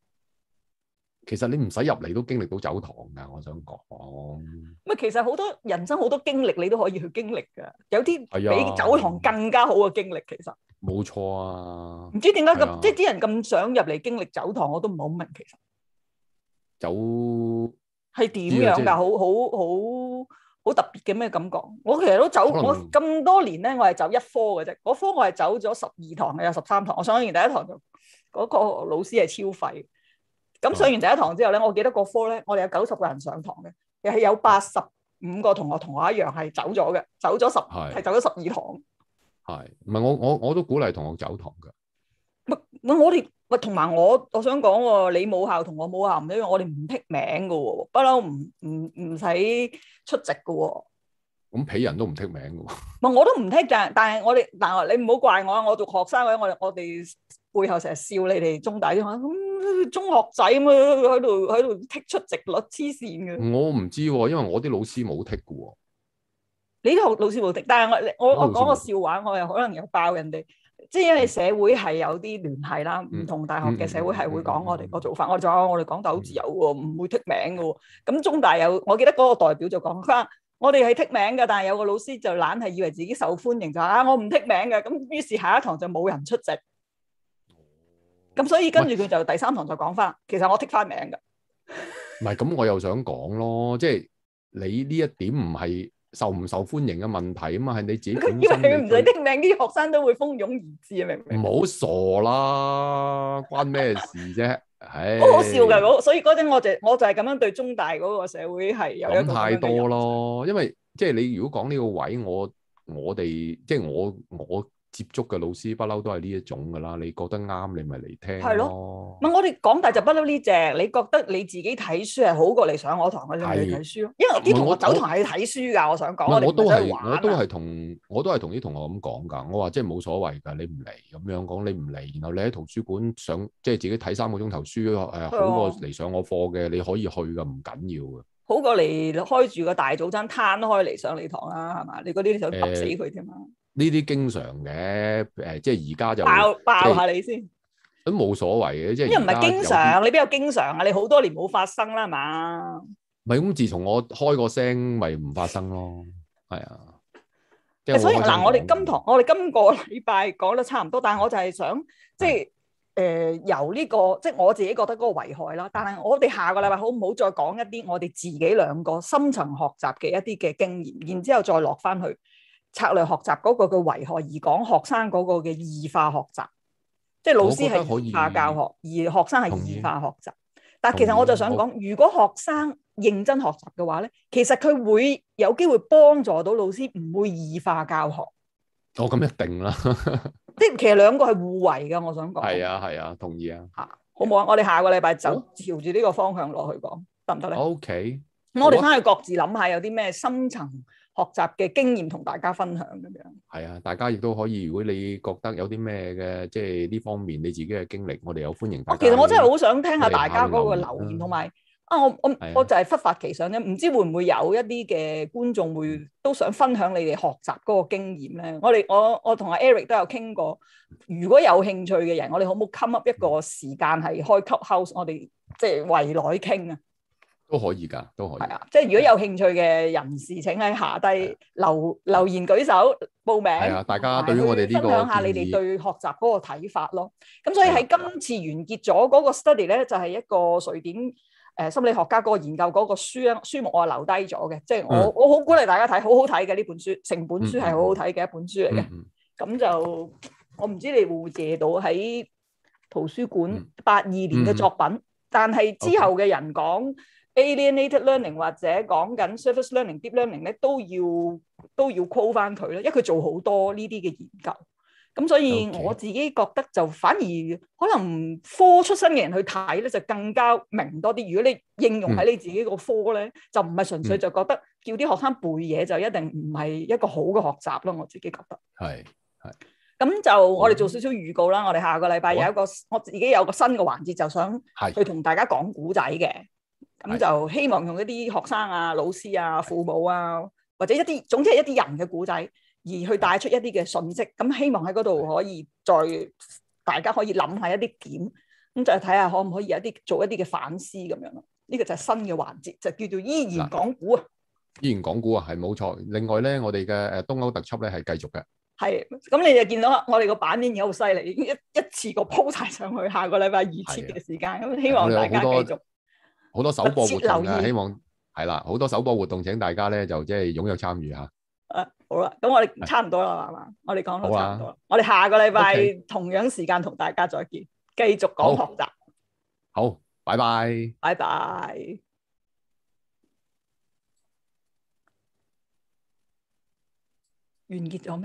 其實你唔使入嚟都經歷到走堂噶我想講。咪其實好多人生好多經歷你都可以去經歷噶有啲比走堂更加好嘅經歷、哎、其實。冇錯啊。唔知點解咁，即係啲人咁想入嚟經歷走堂，我都唔好明其實。走係點樣噶？好好好好特別嘅咩感覺？我其實都走我咁多年咧，我係走一科嘅啫。嗰科我係走咗十二堂嘅，有十三堂。我上完第一堂就，嗰個老師係超廢。咁上完第一堂之後咧，我記得個科咧，我哋有九十個人上堂嘅，亦係有八十五個同學同我一樣係走咗嘅，走咗十，係走咗十二堂。係，唔係我我我都鼓勵同學走堂㗎。唔唔，我哋唔同埋我，我想講喎，你母校同我母校唔一樣，我哋唔剔名㗎喎，不嬲唔唔唔使出席㗎喎。咁鄙人都唔剔名㗎喎。唔，我都唔剔，但但係我哋但係你唔好怪我，我做學生嘅，我我哋背後成日笑你哋中大啲嘛。中學仔咁啊，喺度喺度剔出席率黐線嘅。我唔知喎，因為我啲老師冇剔嘅喎。你啲學老師冇剔，但係我我我講個笑話，我又可能又爆人哋，即係因為社會係有啲聯繫啦。唔同大學嘅社會係會講我哋個做法。我仲有我哋講得好自由喎，唔會剔名嘅喎。咁中大有，我記得嗰個代表就講佢話：我哋係剔名嘅，但係有個老師就懶係以為自己受歡迎就啊，我唔剔名嘅。咁於是下一堂就冇人出席。咁所以跟住佢就第三堂再講翻，其實我剔翻名噶。唔係，咁我又想講咯，即係你呢一點唔係受唔受歡迎嘅問題啊嘛，係你自己佢以為你唔使剔名啲學生都會蜂擁而至啊？明唔明？唔好傻啦，關咩事啫？唉，好好笑噶，所以嗰陣我，我就我就係咁樣對中大嗰個社會係有。諗太多咯，因為即係你如果講呢個位，我我哋即係我我。我接觸嘅老師不嬲都係呢一種㗎啦，你覺得啱你咪嚟聽。係咯，唔係我哋講大就不嬲呢隻。你覺得你自己睇書係好過嚟上我堂嘅，你睇書咯。因為啲同學走堂係要睇書㗎，我想講、啊。我都係我都係同我都係同啲同學咁講㗎。我話即係冇所謂㗎，你唔嚟咁樣講，你唔嚟。然後你喺圖書館上即係自己睇三個鐘頭書，誒、呃、好過嚟上我課嘅，你可以去㗎，唔緊要嘅。好過嚟開住個大早餐攤開嚟上你堂啊，係嘛？你嗰啲想噏死佢啫嘛～、呃呢啲經常嘅，誒，即係而家就爆爆下你先，都冇所謂嘅，即係而家。呢啲唔係經常，你邊有經常啊？你好多年冇發生啦，係嘛？唔係咁，自從我開過聲，咪唔發生咯，係啊。所以嗱，我哋今堂，我哋今個禮拜講得差唔多，但係我就係想，即係誒，由呢個，即係我自己覺得嗰個危害啦。但係我哋下個禮拜好唔好再講一啲我哋自己兩個深層學習嘅一啲嘅經驗，然之後再落翻去。策略學習嗰個嘅遺害，而講學生嗰個嘅異化學習，即係老師係異化教學，而學生係異化學習。但係其實我就想講，如果學生認真學習嘅話咧，其實佢會有機會幫助到老師，唔會異化教學。我咁一定啦。即 <laughs> 其實兩個係互為嘅，我想講。係啊，係啊，同意啊。嚇！好唔好啊？我哋下個禮拜就朝住呢個方向落去講，得唔得咧？OK。我哋翻去各自諗下有啲咩深層學習嘅經驗同大家分享咁樣，係啊！大家亦都可以，如果你覺得有啲咩嘅，即係呢方面你自己嘅經歷，我哋有歡迎大家。我其實我真係好想聽下大家嗰個留言，同埋啊、啊，我我是、啊、我就係忽發奇想咧，唔知會唔會有一啲嘅觀眾會都想分享你哋學習嗰個經驗咧？我哋我我同阿 Eric 都有傾過，如果有興趣嘅人，我哋可唔可以 come up 一個時間係開 club house，我哋即係圍內傾啊！都可以噶，都可以係啊！即係如果有興趣嘅人士，請喺下低留留言、舉手報名。係啊，大家對於我哋呢分享下你哋對學習嗰個睇法咯。咁所以喺今次完結咗嗰個 study 咧，就係、是、一個瑞典誒、呃、心理學家嗰個研究嗰個書咧，書目我留低咗嘅。即係我、嗯、我好鼓勵大家睇，好好睇嘅呢本書，成本書係好好睇嘅一本書嚟嘅。咁、嗯嗯嗯、就我唔知你會唔會借到喺圖書館八二年嘅作品，嗯嗯嗯但係之後嘅人講。Okay. alienated learning 或者講緊 surface learning deep learning 咧都要都要 call 翻佢咧，因為佢做好多呢啲嘅研究。咁所以我自己覺得就反而可能科出身嘅人去睇咧就更加明多啲。如果你應用喺你自己個科咧、嗯，就唔係純粹就覺得叫啲學生背嘢就一定唔係一個好嘅學習咯。我自己覺得。係、係。咁就我哋做少少預告啦、嗯。我哋下個禮拜有一個我自己有個新嘅環節，就想去同大家講古仔嘅。咁就希望用一啲學生啊、老師啊、父母啊，的或者一啲總之係一啲人嘅故仔，而去帶出一啲嘅信息。咁希望喺嗰度可以再大家可以諗下一啲點，咁就睇下可唔可以有啲做一啲嘅反思咁樣咯。呢、這個就係新嘅環節，就叫做依然講古。啊。依然講古啊，係冇錯。另外咧，我哋嘅誒東歐特輯咧係繼續嘅。係，咁你就見到我哋個版面有好犀利，一一,一次過鋪晒上去。下個禮拜二、三嘅時間，咁、嗯、希望大家繼續。好多首播活動啊！希望係啦，好多首播活動，請大家咧就即係踴躍參與吓。誒，好啦，咁我哋差唔多啦嘛，我哋講到差唔多啦，我哋下個禮拜同樣時間同大家再見，繼續講學習。好，拜拜，拜拜。完結咗咩？